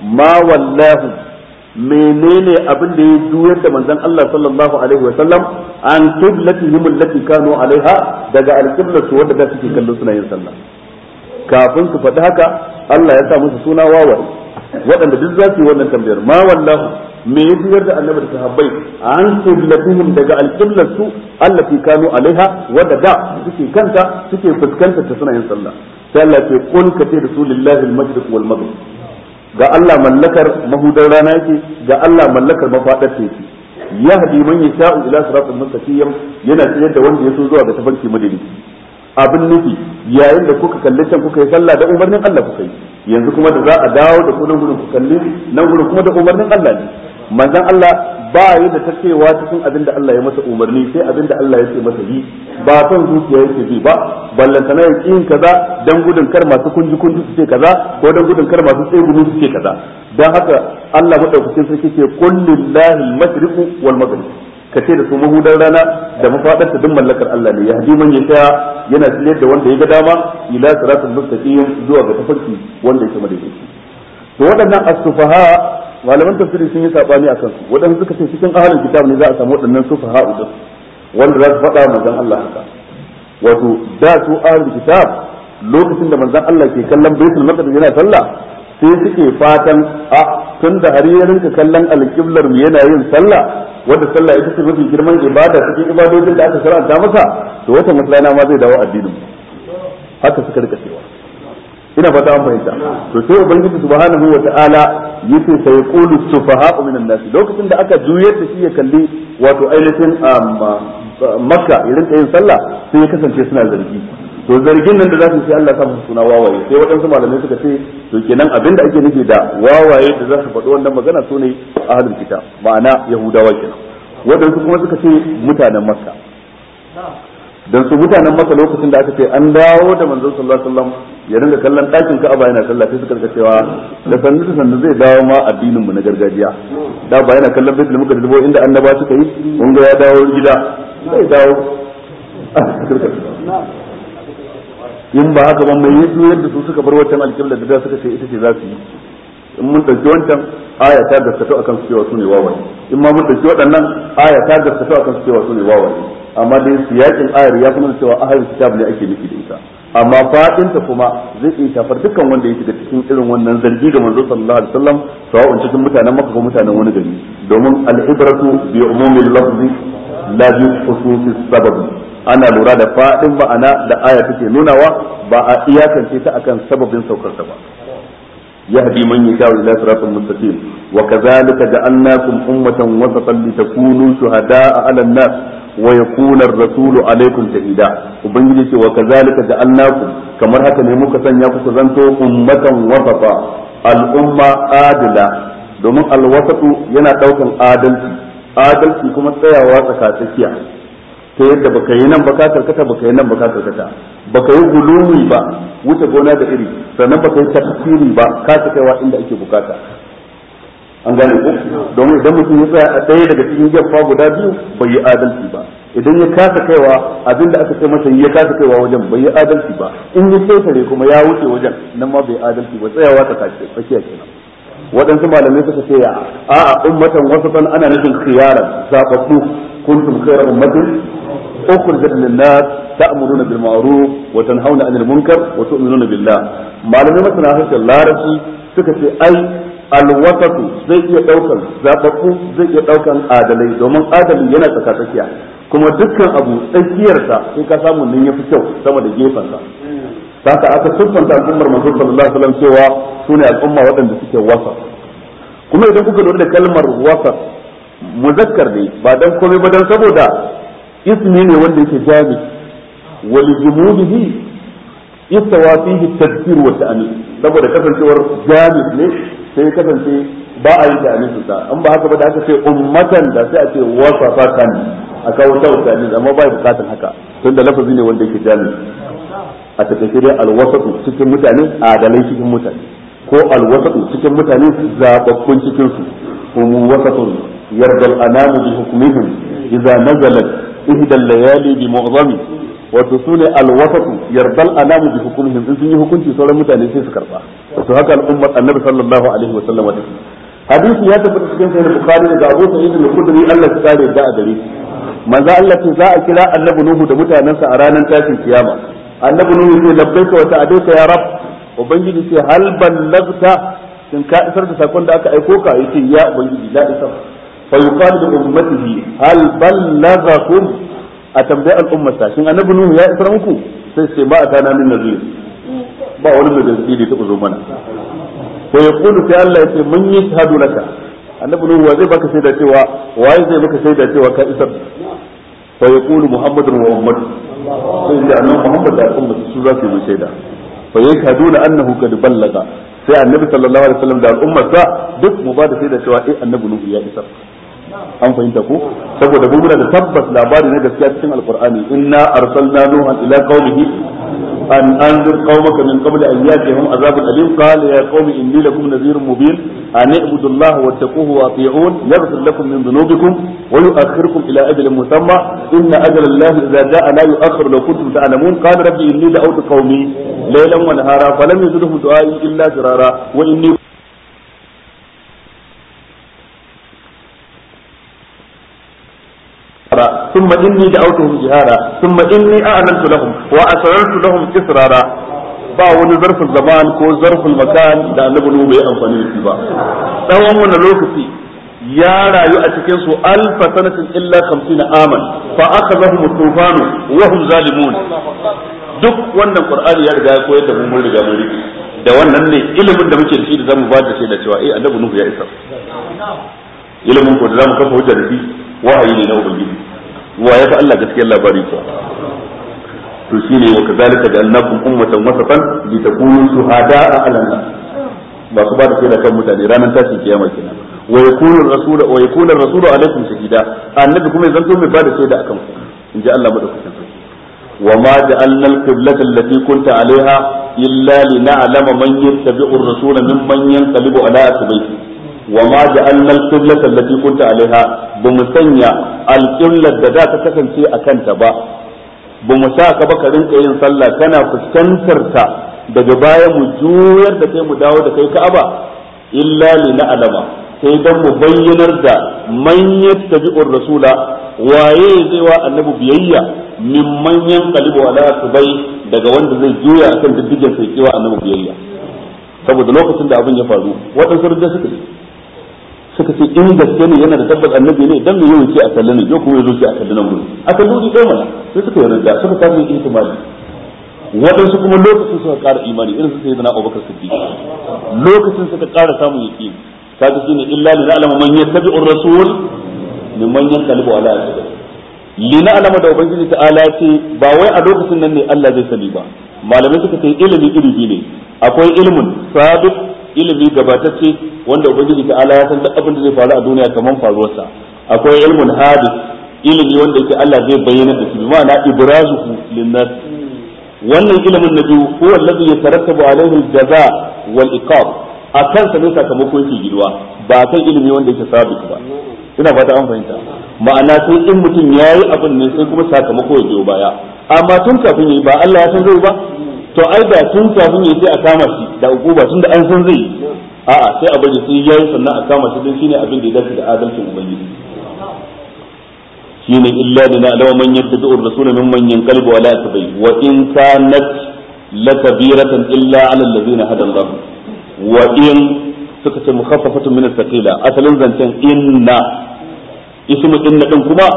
ma wallahu menene abin da ya juyar da manzon Allah sallallahu alaihi wa sallam an qiblatihim allati kanu alaiha daga alqibla su wanda suke kallo suna yin sallah kafin su faɗi haka Allah ya sa musu suna wawar waɗanda duk za su yi wannan tambayar ma wallahu me ya juyar da annabi da sahabbai an qiblatihim daga alqibla su allati kanu alaiha wanda da suke kanta suke fuskantar ta suna yin sallah sai Allah ya ce kun da lillahi al-majlis wal maghrib ga Allah mallakar mahudar rana yake ga Allah mallakar mafadar teku yahdi man yasha'u ila siratul mustaqim yana tsayar da wanda ya so zuwa ga tafarki madadi abin nufi yayin da kuka kalli can kuka yi sallah da umarnin Allah kuka yi yanzu kuma da za a dawo da kudin gurin ku kalli nan gurin kuma da umarnin Allah ne manzon Allah ba yi da ta cewa cikin abin da Allah ya masa umarni sai abin da Allah ya ce masa yi ba son zuciya yake bi ba ballanta na yakin kaza dan gudun kar masu kunji kunji su ce kaza ko dan gudun kar masu tsegumi su ce kaza dan haka Allah madaukakin sarki ce qul lillahi al-mashriq wal maghrib ka ce da su mahudan rana da mafadarta duk mallakar Allah ne yahdi man yasha yana tsire da wanda ya ga dama ila siratul mustaqim zuwa ga tafarki wanda yake madaidaici to waɗannan as malaman tafsiri sun yi sabani a kansu wadanda suka ce cikin ahalin kitab ne za a samu waɗannan sufaha da wanda za su faɗa manzon Allah haka wato da su ahalin kitab lokacin da manzon Allah ke kallon baitul maqdis yana sallah sai suke fatan a tun da har ya rinka kallon alƙiblar mu yana yin sallah wanda sallah ita ce mafi girman ibada cikin ibadojin da aka shar'anta masa to wata masalana ma zai dawo addinin haka suka rika cewa ina fata an fahimta to sai ubangiji subhanahu wa ta'ala yace sai yaqulu sufaha'u minan nas lokacin da aka juyar da shi ya kalli wato ainihin um, makka irin da yin sallah sai ya kasance suna zargi to zargin nan da za su sai Allah ta musu suna wawaye sai waɗansu malamai suka ce to kenan abin da ake nufi da wawaye da za su faɗo wannan magana sune ahlul kitab ma'ana yahudawa kenan waɗansu kuma suka ce mutanen makka dan su mutanen masa lokacin da aka ce an dawo da manzon sallallahu alaihi wasallam ya dinga kallon ɗakin Ka'aba yana sallah sai suka cewa da sanin da sanin zai dawo ma addinin mu na gargajiya da ba yana kallon baitul muqaddas ba inda annaba suka yi mun ga ya dawo gida sai dawo in ba haka ba mai yadda su suka bar wancan alƙibla da suka ce ita ce za su yi in mun dauki wancan aya ta gaskata akan su cewa su ne wawaye in ma mun dauki waɗannan aya ta gaskata akan su cewa su ne wawaye amma dai yakin ayar ya kuma cewa ahlul kitab ne ake nufi da ita amma fadinta kuma zai iya shafar dukkan wanda ya shiga cikin irin wannan zargi ga manzo sallallahu alaihi wasallam sawa'un cikin mutanen Makka ko mutanen wani gari domin al'ibratu ibratu bi umumil lafzi la bi khususis sabab ana lura da fadin ma'ana da aya take nunawa ba a iyakance ta akan sababin saukar ta ba يهدي من يشاء إلى صراط مستقيم وكذلك جعلناكم أمة وسطا لتكونوا شهداء على الناس ويكون الرسول عليكم شهيدا وبنجلس وكذلك جعلناكم كما هكا نموك سنياكم سنتو أمة وسطا الأمة عادلة domin alwasatu yana daukan adalci adalci kuma tsayawa tsakatsakiya ta yadda baka yi nan baka karkata baka yi nan baka karkata baka yi gulumi ba wuce gona da iri sannan baka yi tafsiri ba ka kaiwa inda ake bukata an gane ku? domin idan mutum ya tsaya a ɗaya daga cikin gefa guda biyu bai yi adalci ba idan ya kasa kaiwa abinda aka kai masa ya kasa kaiwa wajen bai yi adalci ba in ya ketare kuma ya wuce wajen nan ma bai adalci ba tsayawa ta kace tsakiya kenan waɗansu malamai suka ce a'a ummatan wasatan ana nufin khiyaran zaɓaɓɓu kuntum khayra ummatin ukhrijat lin-nas ta'muruna bil ma'ruf wa tanhauna 'anil munkar wa tu'minuna billah malamai masana harshen larabci suka ce ai alwasatu zai iya daukan zaɓaɓɓu zai iya daukan adalai domin adali yana tsakiya kuma dukkan abu tsakiyarsa sai ka samu nan yafi kyau sama da gefensa saka aka tuffanta al'ummar manzo sallallahu alaihi wasallam cewa sune al'umma waɗanda suke wasa kuma idan kuka lura da kalmar wasa muzakkar ne ba dan komai ba dan saboda ismi ne wanda yake jami wal jumudihi istawa fihi tadbir wa ta'min saboda kasancewar jami ne sai kasance ba a yi ta'min sa an ba haka ba da aka ce ummatan da sai a ce wasafatan a kawo ta amma ba bukatar haka tunda lafazi ne wanda yake jami a takaice dai alwasatu cikin mutane adalai cikin mutane ko alwasatu cikin mutane zababbun cikin su hum wasatun yarda al-anamu bi hukmihim idza nazalat ihda al-layali bi mu'zami wato sune alwasatu yarda al-anamu bi hukmihim in sun yi hukunci sauran mutane sai su karba to haka al'ummar annabi sallallahu alaihi wa sallam take hadisi ya tabbata cikin sahih bukhari daga abu sa'id al-khudri Allah ya kare da a gare manzo Allah ce za a kira annabi nuhu da mutanansa a ranar tashin kiyama annabi nuhu sai labbaika wa ta'adaika ya rab ubangiji sai hal ballagta sun ka isar da sakon da aka aiko ka yace ya ubangiji la isar fa yuqalu bi ummatihi hal ballagakum a tambayi ta shin annabi nuhu ya isar muku sai sai ba a tana min nazir ba wani mai gaske da ta zo mana ko ya kudu sai Allah ya ce mun yi shahadu laka annabi nuhu wa zai baka da cewa waye zai baka da cewa ka isar fa yaqulu muhammadun wa ummatu sai da annabi muhammad da ummatu su za su yi shaida fa yakaduna annahu kad ballaga sai annabi sallallahu alaihi wasallam da al'ummarsa duk mu ba da sai da cewa eh annabi ya isar an fahimta ko saboda mu muna da tabbas labari na a cikin alqur'ani inna arsana nuhan ila qaumihi an anzir qaumaka min qabli an yatihum azabun alim qala ya qaumi inni lakum nadhirun mubin an i'budu Allah wa taquhu wa ati'un yaghfir lakum min dhunubikum wa yu'akhirukum ila ajalin musamma inna ajala Allah idza jaa la yu'akhkhir law kuntum ta'lamun qala audu inni da'awtu qaumi laylan wa nahara falam yazidhum du'ai illa sirara wa inni جهارا ثم إني دعوتهم جهارا ثم إني أعلنت لهم وأسررت لهم إسرارا ba wani zarfin zaman ko zarfin makan da annabi nuhu bai amfani da shi ba tsawon wani lokaci ya rayu a cikin su alfa sanatin illa 50 aman fa akhadhahum tufanu wa hum zalimun duk wannan qur'ani ya riga ya koyar da mu mun riga mun rike da wannan ne ilimin da muke da shi da zamu ba da shi shaida cewa eh annabi nuhu ya isa ilimin ko da zamu kafa hujja da shi wahayi ne na ubangiji wa ya fi Allah gaskiyar labari ko to shi ne wa kazalika ja'alnakum ummatan wasatan litakunu shuhada'a 'ala a nas ba su ba da shaida kan mutane ranar tashin kiyama kenan wa yakunu rasulu wa yakunu rasulu alaikum shahida annabi kuma ya zanto mai ba da shaida akan ku in ji Allah madaukakin sarki wa ma ja'alna al-qiblata allati kunta 'alaiha illa lina'lama man yattabi'u ar-rasula mimman yanqalibu 'ala atbayhi wa ma ja'alna al-qiblata allati kunta alaiha bamu sanya al da da za ta kasance a kanta ba bamu sa ka ba ka rinka yin sallah kana fuskantar ta daga baya mu juyar da kai mu dawo da kai ka'aba illa li na'lama sai dan mu bayyanar da man yattabi'ur rasula waye zai wa annabi biyayya mimman yanqalibu ala tubai daga wanda zai juya akan diddigin sai kiwa annabi biyayya saboda lokacin da abin ya faru waɗansu rujja suka suka ce in gaske ne yana da tabbas annabi ne dan me yau ce a sallana yau kuma yazo ce a sallana a aka dodi kai mana sai suka yarda suka kasa yin ihtimali waɗansu kuma lokacin suka ƙara imani irin yi sai zana Bakar Siddiq lokacin suka ƙara samun yaqin kaga shine illa li na'lamu man yattabi'u ar-rasul mimman yanqalibu ala aqibihi li na'lamu da ubangiji ta'ala ce ba wai a lokacin nan ne Allah zai sani ba malamai suka ce ilimi iri ne akwai ilmun sadiq ilimi gabatacce wanda ubangiji ta ala ya san duk abin da zai faru a duniya kamar faruwarsa akwai ilmun hadis ilimi wanda yake Allah zai bayyana da shi bi ma'ana ibrazuhu linnas wannan ilimin na biyu huwa allazi yatarattabu alaihi jaza wal iqab akan sa ne sakamako yake girwa ba kan ilimi wanda yake sabit ba ina fata an fahimta ma'ana sai in mutum yayi abin ne sai kuma sakamako ya biyo baya amma tun kafin yi ba Allah ya san zai ba to ai da tun kafin yi sai a kama shi da tun da an san zai a'a sai a bari sai yayi sannan a kama shi don shine abin da ya dace da adalcin ubangiji shine illa bina law man yattabi'u ar-rasul mimman yanqalibu ala tabi wa in kanat lakabiratan illa ala alladhina hada Allah wa in suka ce mukhaffafatun min as-saqila asalin zancen inna ismu inna din kuma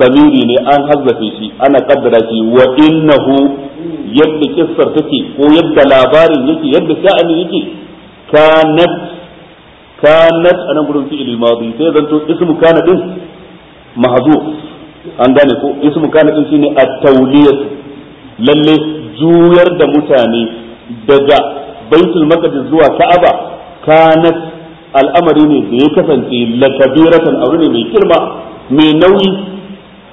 damiri ne an hazzafe shi ana kaddara shi wa innahu yadda kissar take ko yadda labarin yake yadda sha'ani yake kanat kanat anan gurin fi'il madi sai zan to ismu kana din mahzuf an gane ko ismu kana din shine at-tawliyah lalle juyar da mutane daga baitul maqdis zuwa ka'aba kanat al'amari ne da ya kasance lakabiratan abu ne mai kirma mai nauyi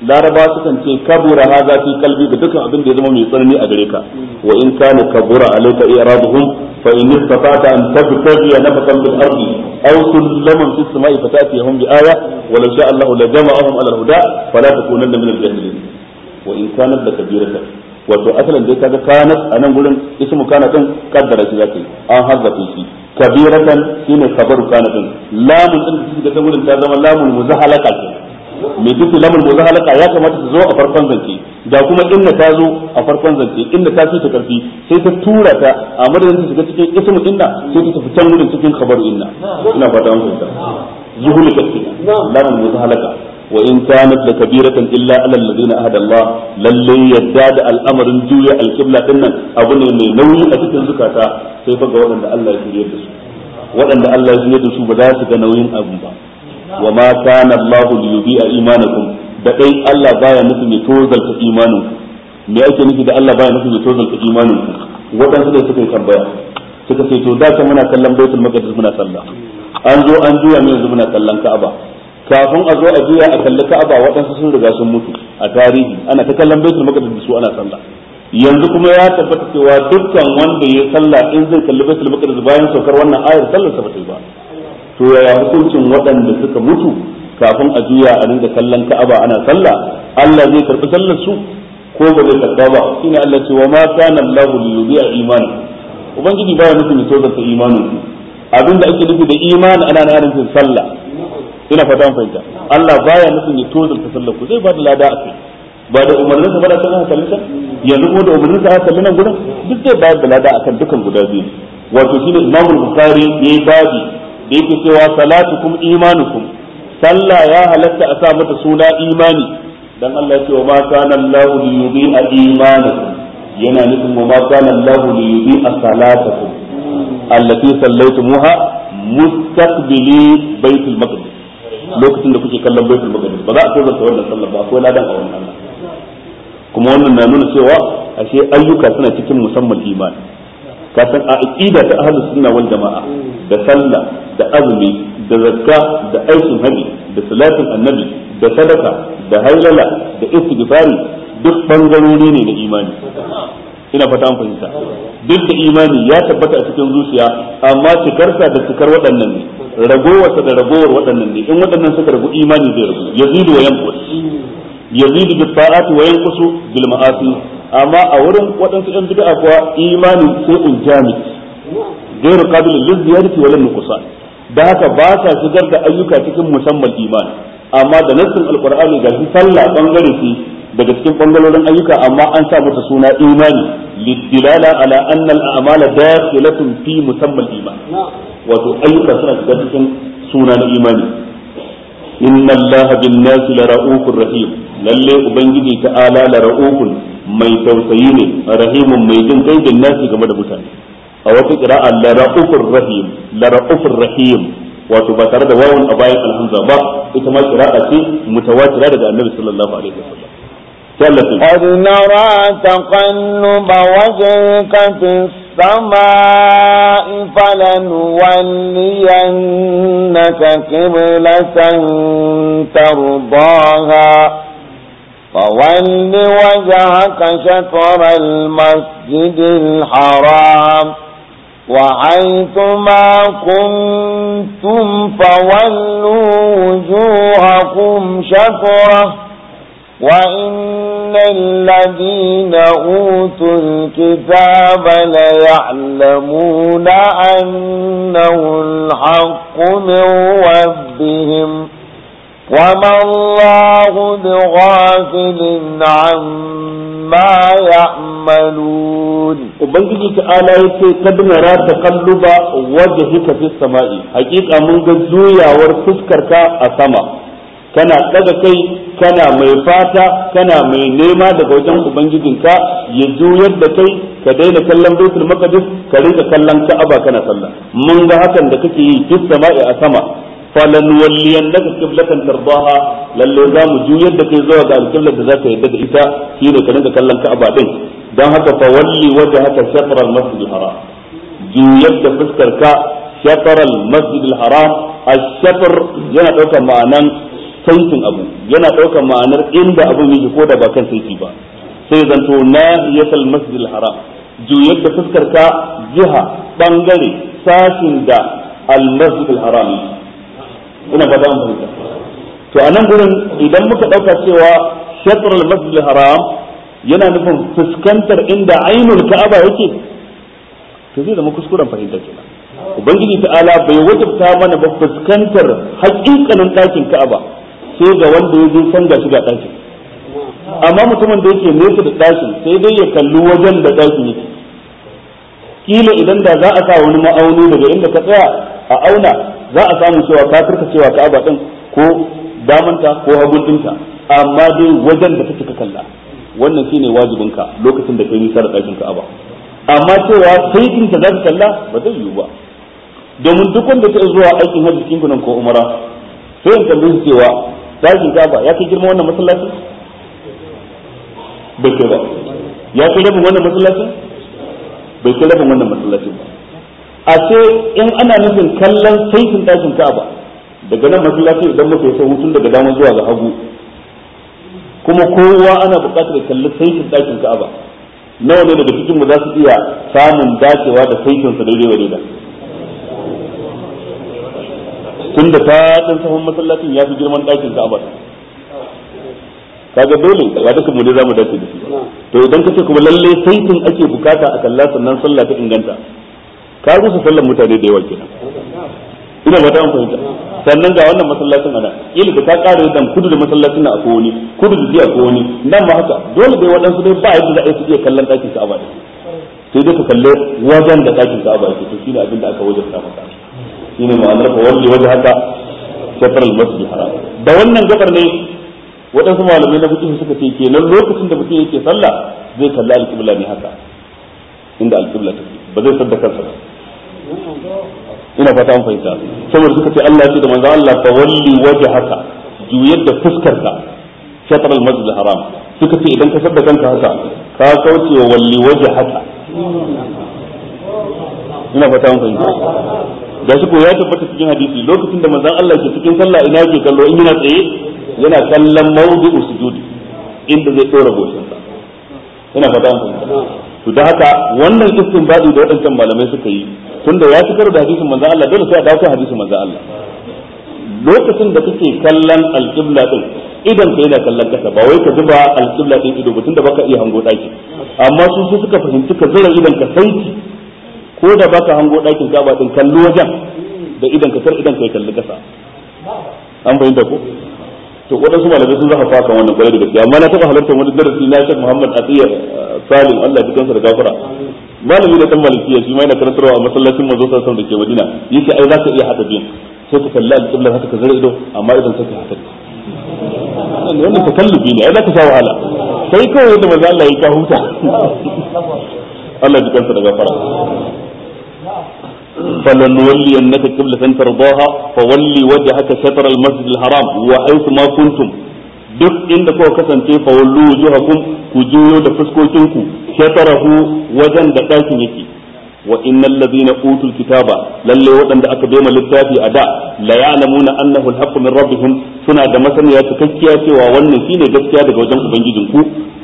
laraba sukan ce kabura haza fi kalbi da dukkan abin da ya zama mai tsanani a gare ka wa in kana kabura alayka iraduhum fa in istata'ta an tabtaghi nafaqan bil ardi aw sullaman fis sama'i fatatihum bi aya wa law sha'a Allahu la jama'ahum ala al-huda fala takunanna min al-jahilin wa in kanat lakabiratan wato asalin dai kaga kanat a nan gurin ismu kana din kaddara shi zaka yi an hazzafe shi kabiratan shine kabaru kana din lamun din da take ta gurin ta zama lamun muzahalaka ce me duk lamun muzahalaka ya kamata ta zo a farkon zance da kuma inna ta zo a farkon zance inna ta ta karfi sai ta tura ta a madadin ta shiga cikin ismu inna sai ta tafi can gurin cikin kabaru inna ina fata mun fahimta zuhulu kafina lamun muzahalaka wa in kanat la illa ala alladhina ahada Allah lalle da al'amarin juya alqibla din abu ne mai nauyi a cikin zukata sai fa ga waɗanda Allah ya shirye da su ba za su ga nauyin abu ba wa ma kana Allah da Allah baya nufi da mai tozalta imanin waɗansu da suka yi tambaya suka ce to da muna kallon baitul maqdis muna sallah an zo an juya mu yanzu muna kallon ka'aba kafin a zo a juya a kalli Ka'aba waɗansu sun riga sun mutu a tarihi ana ta kallon Baitul Maqdis da su ana sallah yanzu kuma ya tabbata cewa dukkan wanda ya sallah in zai kalli Baitul Maqdis bayan saukar wannan ayar sallar sa ba yi ba to yaya hukuncin waɗanda suka mutu kafin a juya a rinka kallon Ka'aba ana sallah Allah zai karbi sallar su ko ba zai karba ba shine Allah ce wa ma kana Allahu li yudhi'a imani ubangiji baya nufin ya tozarta imanin abinda ake nufi da imani ana nan sallah ina fata an fahimta Allah baya nufin ya tozalta sallar ku zai ba da lada akai ba da umarnin sa ba da kan haka sa? yanzu kuma da umarnin sa haka nan gudan duk zai bayar da lada akan dukan guda biyu wato shine Imam Bukhari ne babi da yake cewa salatukum imanukum sallah ya halatta a sa mata suna imani dan Allah ya ce wa ma kana Allah li yudhi'a imanakum yana nufin wa ma kana Allah li yudhi'a salatakum allati sallaytumuha mustaqbili baitul maqdis lokacin da kuke kallon baitul maqdis ba za a da wannan sallar ba akwai ladan a wannan kuma wannan na nuna cewa ashe ayyuka suna cikin musamman iman ka san a aqida ta ahlus sunna wal jamaa da sallah da azumi da zakka da aikin haji da salatin annabi da sadaka da haylala da istighfari duk bangarori ne na imani ina fata an fahimta duk da imani ya tabbata a cikin zuciya amma cikarsa da cikar waɗannan ne ragowarsa da ragowar waɗannan ne in waɗannan suka ragu imani zai ragu zidu wa ya zidu bi ta'ati wa yanqusu bil ma'asi amma a wurin waɗansu ɗan bid'a kuwa imani sai un jami gairu qabil lil ziyadati wa lin nuqsan da haka ba sa shigar da ayyuka cikin musamman imani amma da nassin alqur'ani ga sallah bangare ce daga cikin bangarorin ayyuka amma an sa mata suna imani للدلالة على أن الأعمال داخلة في مسمى الإيمان وتؤيد سنة ذلك سنة الإيمان إن الله بالناس لرؤوف رحيم للي تعالى لرؤوف mai tausayi ne mai jin kai nasi game da mutane a wata qira'a la raufur rahim la raufur rahim wato ba tare da wawan a bayan alhamza ba ita ma qira'a ce mutawatira daga annabi sallallahu alaihi wasallam قد نرى تقلب وجهك في السماء فلنولينك قبلة ترضاها فول وجهك شطر المسجد الحرام وحيث ما كنتم فولوا وجوهكم شطره وإن الذين أوتوا الكتاب ليعلمون أنه الحق من ربهم وما الله بغافل عما يعملون وبنجي تعالى يتي قد نرى تقلب وجهك في السماء حقيقة من جزوية ورفسكرك أسما كان لدى كي kana mai fata kana mai nema daga wajen ubangijinka ya juyar da kai ka daina kallon baitul maqdis ka rika kallon ka'aba kana sallah mun ga hakan da kake yi fis sama'i a sama falan daga qiblatan tarbaha lalle za mu juyar da kai zuwa ga alqiblar da zaka yadda da ita shine ka rika kallon ka'aba din dan haka fa walli wajhaka shatr al-masjid al-haram juyar da fuskar ka shatr al-masjid al-haram ash-shatr yana daukar ma'anan saitin abu yana ɗaukar ma'anar inda abu yake ko da ba kan saiti ba sai zanto nahiyatul masjidil haram juyar da fuskar ka jiha bangare sashin da al masjidil haram ina ba da fahimta to anan gurin idan muka ɗauka cewa shatr al masjidil haram yana nufin fuskantar inda ainul ka'aba yake to zai zama kuskuren fahimta kenan ubangiji ta'ala bai wajabta mana ba fuskantar hakikanin ɗakin ka'aba sai ga wanda ya je sanga shi ga ɗakin amma mutumin da yake nesa da ɗakin sai dai ya kalli wajen da ɗakin yake kila idan da za a sa wani ma'auni daga inda ka tsaya a auna za a samu cewa ka turka cewa ka aba ɗin ko damanta ko hagun ɗinta amma dai wajen da kake ka kalla wannan shine wajibin wajibinka lokacin da kai nisa da ɗakin ka aba amma cewa sai in za ka kalla ba zai yiwu ba domin duk wanda ta zuwa aikin hajji cikin ko umara sai in kalli cewa dakin ba ya kai girma wannan masallaci bai kai ba ya kai rabin wannan masallacin bai kai rabin wannan masallacin ba a ce in ana nufin kallon saitin k'a ba, daga nan masallacin idan muka yi sahu tun daga dama zuwa ga hagu kuma kowa ana buƙatar kallon saitin k'a ba, nawa ne daga cikin mu za su iya samun dacewa da saitin sa daidai wa daidai tunda dan sahun masallacin ya fi girman ɗakin ka'aba kaga dole ya duka mu ne zamu dace da shi to idan kace kuma lalle saitin ake bukata a kalla sannan sallah ta inganta ka rusa sallar mutane da yawa kenan ina ba ta fahimta sannan ga wannan masallacin ana ila da ta ƙara yadda kudu da masallacin na akwai wani kudu da jiya akwai wani nan ma haka dole dai waɗansu dai ba yadda za a yi su iya kallon ɗakin ka'aba da sai dai ka kalle wajen da ɗakin ka'aba ke to shine abin da aka wajen ta masa shine ma'anar fa walli wajhaka shatr al-masjid haram da wannan gabar ne waɗansu malamai na fiqh suka ce nan lokacin da mutum yake sallah zai kalli al-qibla ne haka inda al-qibla take ba zai sadda kansa ba ina fata an fahimta saboda suka ce Allah ya ce da manzo Allah fa walli wajhaka juyar da fuskarka shatr al-masjid haram suka ce idan ka sadda kanka haka ka kauce wa walli wajhaka ina fata an fahimta da shi ko ya tabbata cikin hadisi lokacin da manzon Allah ke cikin sallah ina yake kallo in yana tsaye yana kallon mawdu'u sujud inda zai tsora goshin sa ina fata to da haka wannan istinbadi da waɗancan malamai suka yi tunda ya fitar da hadisin manzon Allah dole sai a dawo hadisin manzon Allah lokacin da kake kallon alƙibla din idan ka yana kallon kasa ba wai ka zuba alƙibla din ido ba tunda baka iya hango daki amma su suka fahimci ka zura idan ka saiti ko da baka hango ɗakin kaba din kallo wajen da idan ka sar idan ka kalli kasa an fahimta ko to waɗansu malamai sun zaka faka wannan kwarai da gaskiya amma na taɓa halarta wani darasi na Sheikh Muhammad Atiya uh, Salim Allah ya kansa da gafara malami da dan malikiya shi ma yana karantarwa a masallacin mazo sa san da ke Madina yace ai zaka iya hada biyan sai ka kalli al-qibla haka ka zare ido amma idan sai ka haka wannan takallubi ne ai zaka sa wahala sai kawai da manzo Allah ya ka huta Allah ya kansa da gafara فلنولينك قبلة ترضاها فولي وجهك شطر المسجد الحرام وحيث ما كنتم duk inda kuka kasance fa wallu wujuhakum ku juyo da ku shatarahu wajen da dakin yake wa innal ladina utul kitaba lalle waɗanda aka bai ma littafi a da la ya'lamuna annahu al-haqq min suna da masaniya cikakkiya cewa wannan shine gaskiya daga wajen ubangijin ku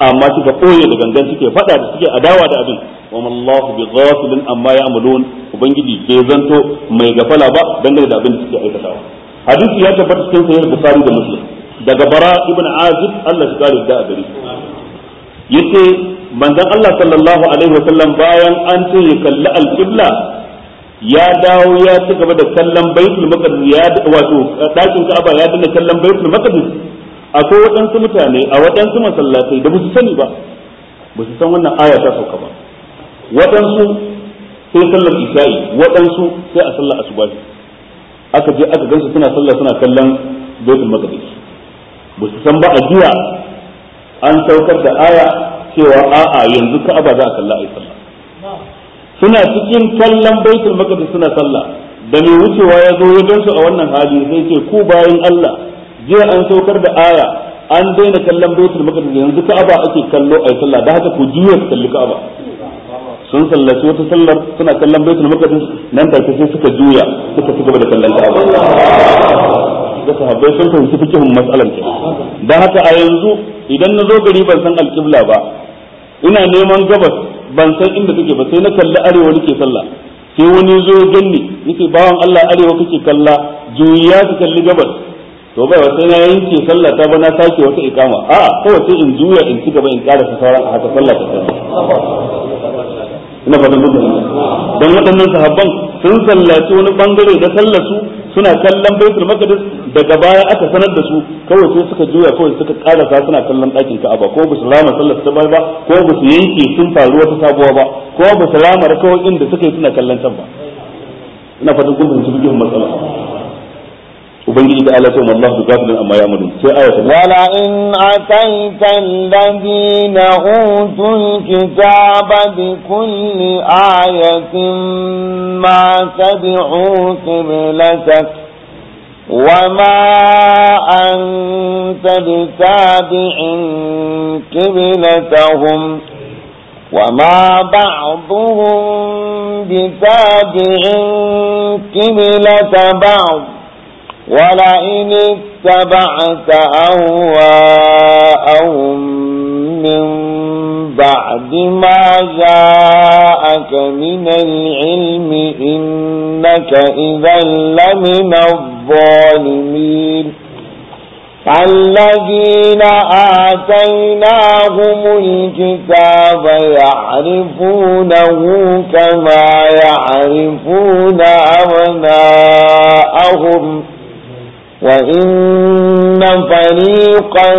amma suka koye da gangan suke fada da suke adawa da abin wa mallahu bi ghafilin amma ya'malun ubangiji bai zanto mai gafala ba dangane da abin da suke aikatawa hadisi ya tabbata cikin sahih bukhari da muslim daga bara ibn azib Allah ya kare da a gare yace manzon Allah sallallahu alaihi wasallam bayan an ce ya kalli alqibla ya dawo ya ci gaba da kallon baitul maqdis ya wato dakin Ka'aba ya dinga kallon baitul maqdis akwai waɗansu mutane a waɗansu masallatai da su sani ba ba su san wannan aya ta sauka ba waɗansu sai sallar isha'i waɗansu sai a sallar asubahi aka je aka gansu suna sallah suna kallon baitul maqdis ba su san ba a jiya an saukar da aya cewa a'a yanzu ka'aba za a kalla ai sallah suna cikin kallon baitul maqdis suna sallah da mai wucewa ya zo ya gansu a wannan hali sai ce ku bayan Allah jiya an saukar da aya an daina kallon baitul maqdis yanzu ka'aba ake kallo ai sallah da haka ku ku kalli ka'aba sun sallaci wata sallar suna kallon baitul maqdis nan da sai suka juya suka ci gaba da kallon ka'aba da sahabbai sun fahimci fikihun mas'alan ta da haka a yanzu idan na zo gari ban san alƙibla ba ina neman gabas ban san inda kake ba sai na kalli arewa nake sallah sai wani zo ya ganni yace bawan Allah arewa kake kalla juya ka kalli gabas to bai sai na yanke sallah ta ba na sake wata ikama a kawai sai in juya in ci gaba in ta sauran a haka sallah ta ina da gudu don waɗannan sahabban sun sallaci wani bangare da sallar su suna kallon baitul maqdis daga baya aka sanar da su kawai sai suka juya kawai suka karasa suna kallon ɗakin ka'aba ko ba su rama sallar ta ba ko ba su yanke sun faru wata sabuwa ba ko ba su rama rakawoyin da suka yi suna kallon can ba ina fatan kun fahimci bikin matsala ubangiji da Allah ta'ala Allah gafilin amma ya mudu sai aya wala in ataita alladhina utul kitaba bi kulli ayatin ma tabi'u qiblatak وما أنت بتابع قبلتهم وما بعضهم بتابع قبلة بعض ولئن اتبعت أهواءهم من بعد ما جاءك من العلم إنك إذا لمن الظالمين الذين آتيناهم الكتاب يعرفونه كما يعرفون أبناءهم وإن فريقا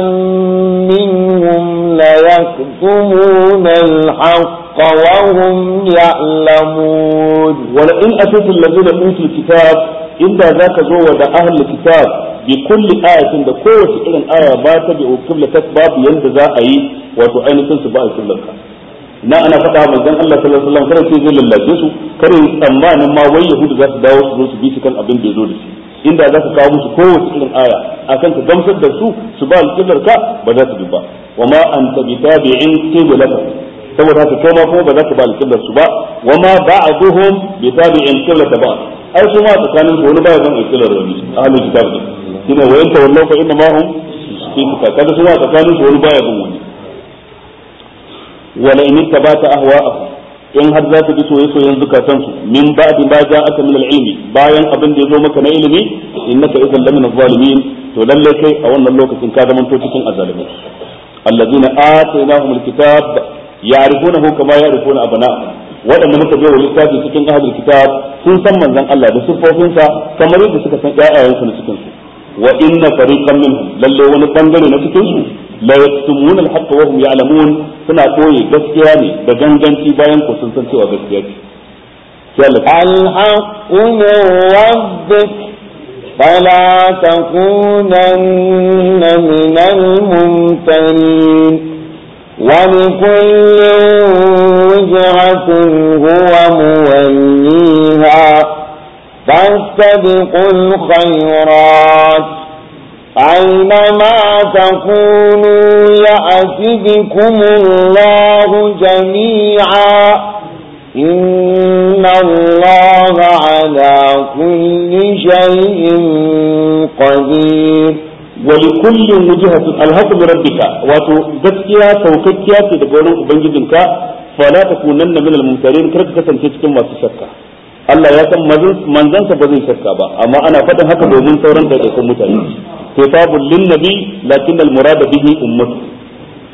منهم ليكتمون الحق وهم يعلمون ولئن أتيت الذين أوتوا الكتاب إن ذاك زود أهل الكتاب بكل آية بِكُلِّ كل إلى الآية بات بأكمل تكباب يندزا أي وتعين تنسبا أكمل na ana faɗa manzon Allah sallallahu alaihi wasallam kada sai zai lallace su kare tsammanin ma wai yahudu za su dawo su zo su bi kan abin da ya zo da shi inda za ka kawo musu kowace irin aya akan ka gamsar da su su ba alƙiblar ka ba za su bi ba wa ma anta bi tabi'in qiblatan saboda haka kai ma kuma ba za ka ba alƙiblar su ba wa ma ba'duhum bi tabi'in qiblatan ba ai su ma tsakanin wani zan alƙiblar wani ahlul kitab din shine wa yanta wallahu inna ma hum fi fuka kaga su ma tsakanin wani zan wani in tabata ahwa'akum in har za ka ji soye-soyen su min ba'di ba ja aka min ilmi bayan abin da ya zo maka na ilimi innaka idan lamin zalimin to lallai kai a wannan lokacin ka zama to cikin azalimi allazina atainahum alkitab ya'rifunahu kama ya'rifuna abana waɗanda muka je wa littafi cikin ahlul kitab sun san manzon Allah da sa kamar yadda suka san ƴaƴayensu na cikin su wa inna fariqan minhum lalle wani bangare na cikin su la yaktumuna al-haqqa wa hum ya'lamun suna koyi gaskiya ne da ganganci bayan ku sun san cewa gaskiya ce al-haqqu min فلا تكونن من الممتنين ولكل وجهة هو موليها فاستبقوا الخيرات أينما تكونوا يأت بكم الله جميعا إن الله على كل شيء قدير ولكل وجهة الهكم ربك وتذكيا توككيا تدبروا بنجدك فلا تكونن من الممترين كرتك تنتجكم وتشكى Allah ya san manzansa ba zai shakka ba amma ana faɗin haka domin sauran ɗaiɗaikun mutane lin linnabi lakin al murada bihi ummatu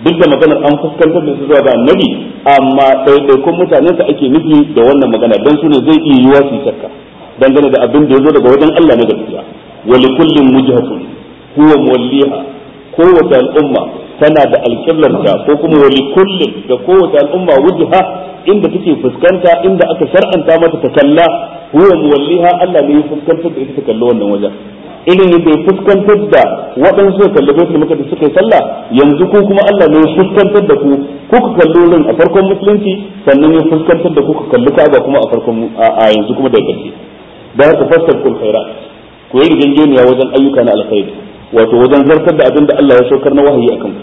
duk da maganar an fuskantar da su zuwa ga annabi amma ɗaiɗaikun mutanen sa ake nufi da wannan magana dan su ne zai iya yiwa su shakka dangane da abin da ya zo daga wajen Allah na gaskiya wa likullin mujhatun huwa muwalliha kowace al'umma tana da alƙiblarta ko kuma wali kullum da kowace al'umma wujha inda take fuskanta inda aka shar'anta mata ta kalla huwa muwalliha Allah ne ya fuskantar da ita ta kalli wannan wajen irin yadda ya fuskantar da waɗansu suka kalli bai baitul maqdis suka yi sallah yanzu ko kuma Allah ne ya fuskantar da ku kuka kalli wurin a farkon musulunci sannan ya fuskantar da ku ku kalli Ka'aba kuma a farkon a yanzu kuma da karshe da haka fassar kul khairat ku yi rigengeniya wajen ayyuka na alkhairi wato wajen zartar da abin da Allah ya saukar na wahayi akan ku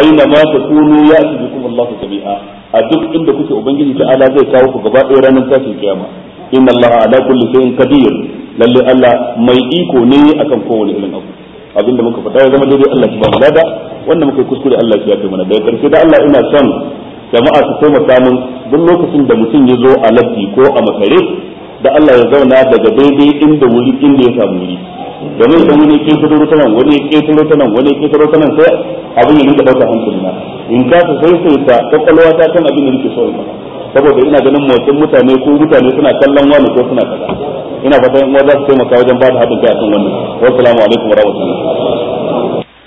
aina ma takunu ya'ti bikum Allahu jami'a a duk inda kuke ubangiji ta'ala zai kawo ku gaba ɗaya ranar tashin kiyama inna Allah ala kulli shay'in qadir lalle Allah mai iko ne akan kowane irin abu abin da muka faɗa ya zama daidai Allah subhanahu wa ta'ala wannan muka kuskure Allah ya kai mana daga karshe da Allah ina son jama'a su taimaka min duk lokacin da mutum ya zo a lafi ko a makare da Allah ya zauna daga daidai inda wuri inda ya samu wuri domin idan wani ke fito ta nan wani ke fito ta nan wani ke fito ta nan sai abin ya rinka dauka hankali na in ka ta sai sai ta kokolwa ta kan abin da nake so in saboda ina ganin motsin mutane ko mutane suna kallon wani ko suna kaza ina fata in za su taimaka wajen ba da haɗin kai akan wannan wassalamu alaikum warahmatullahi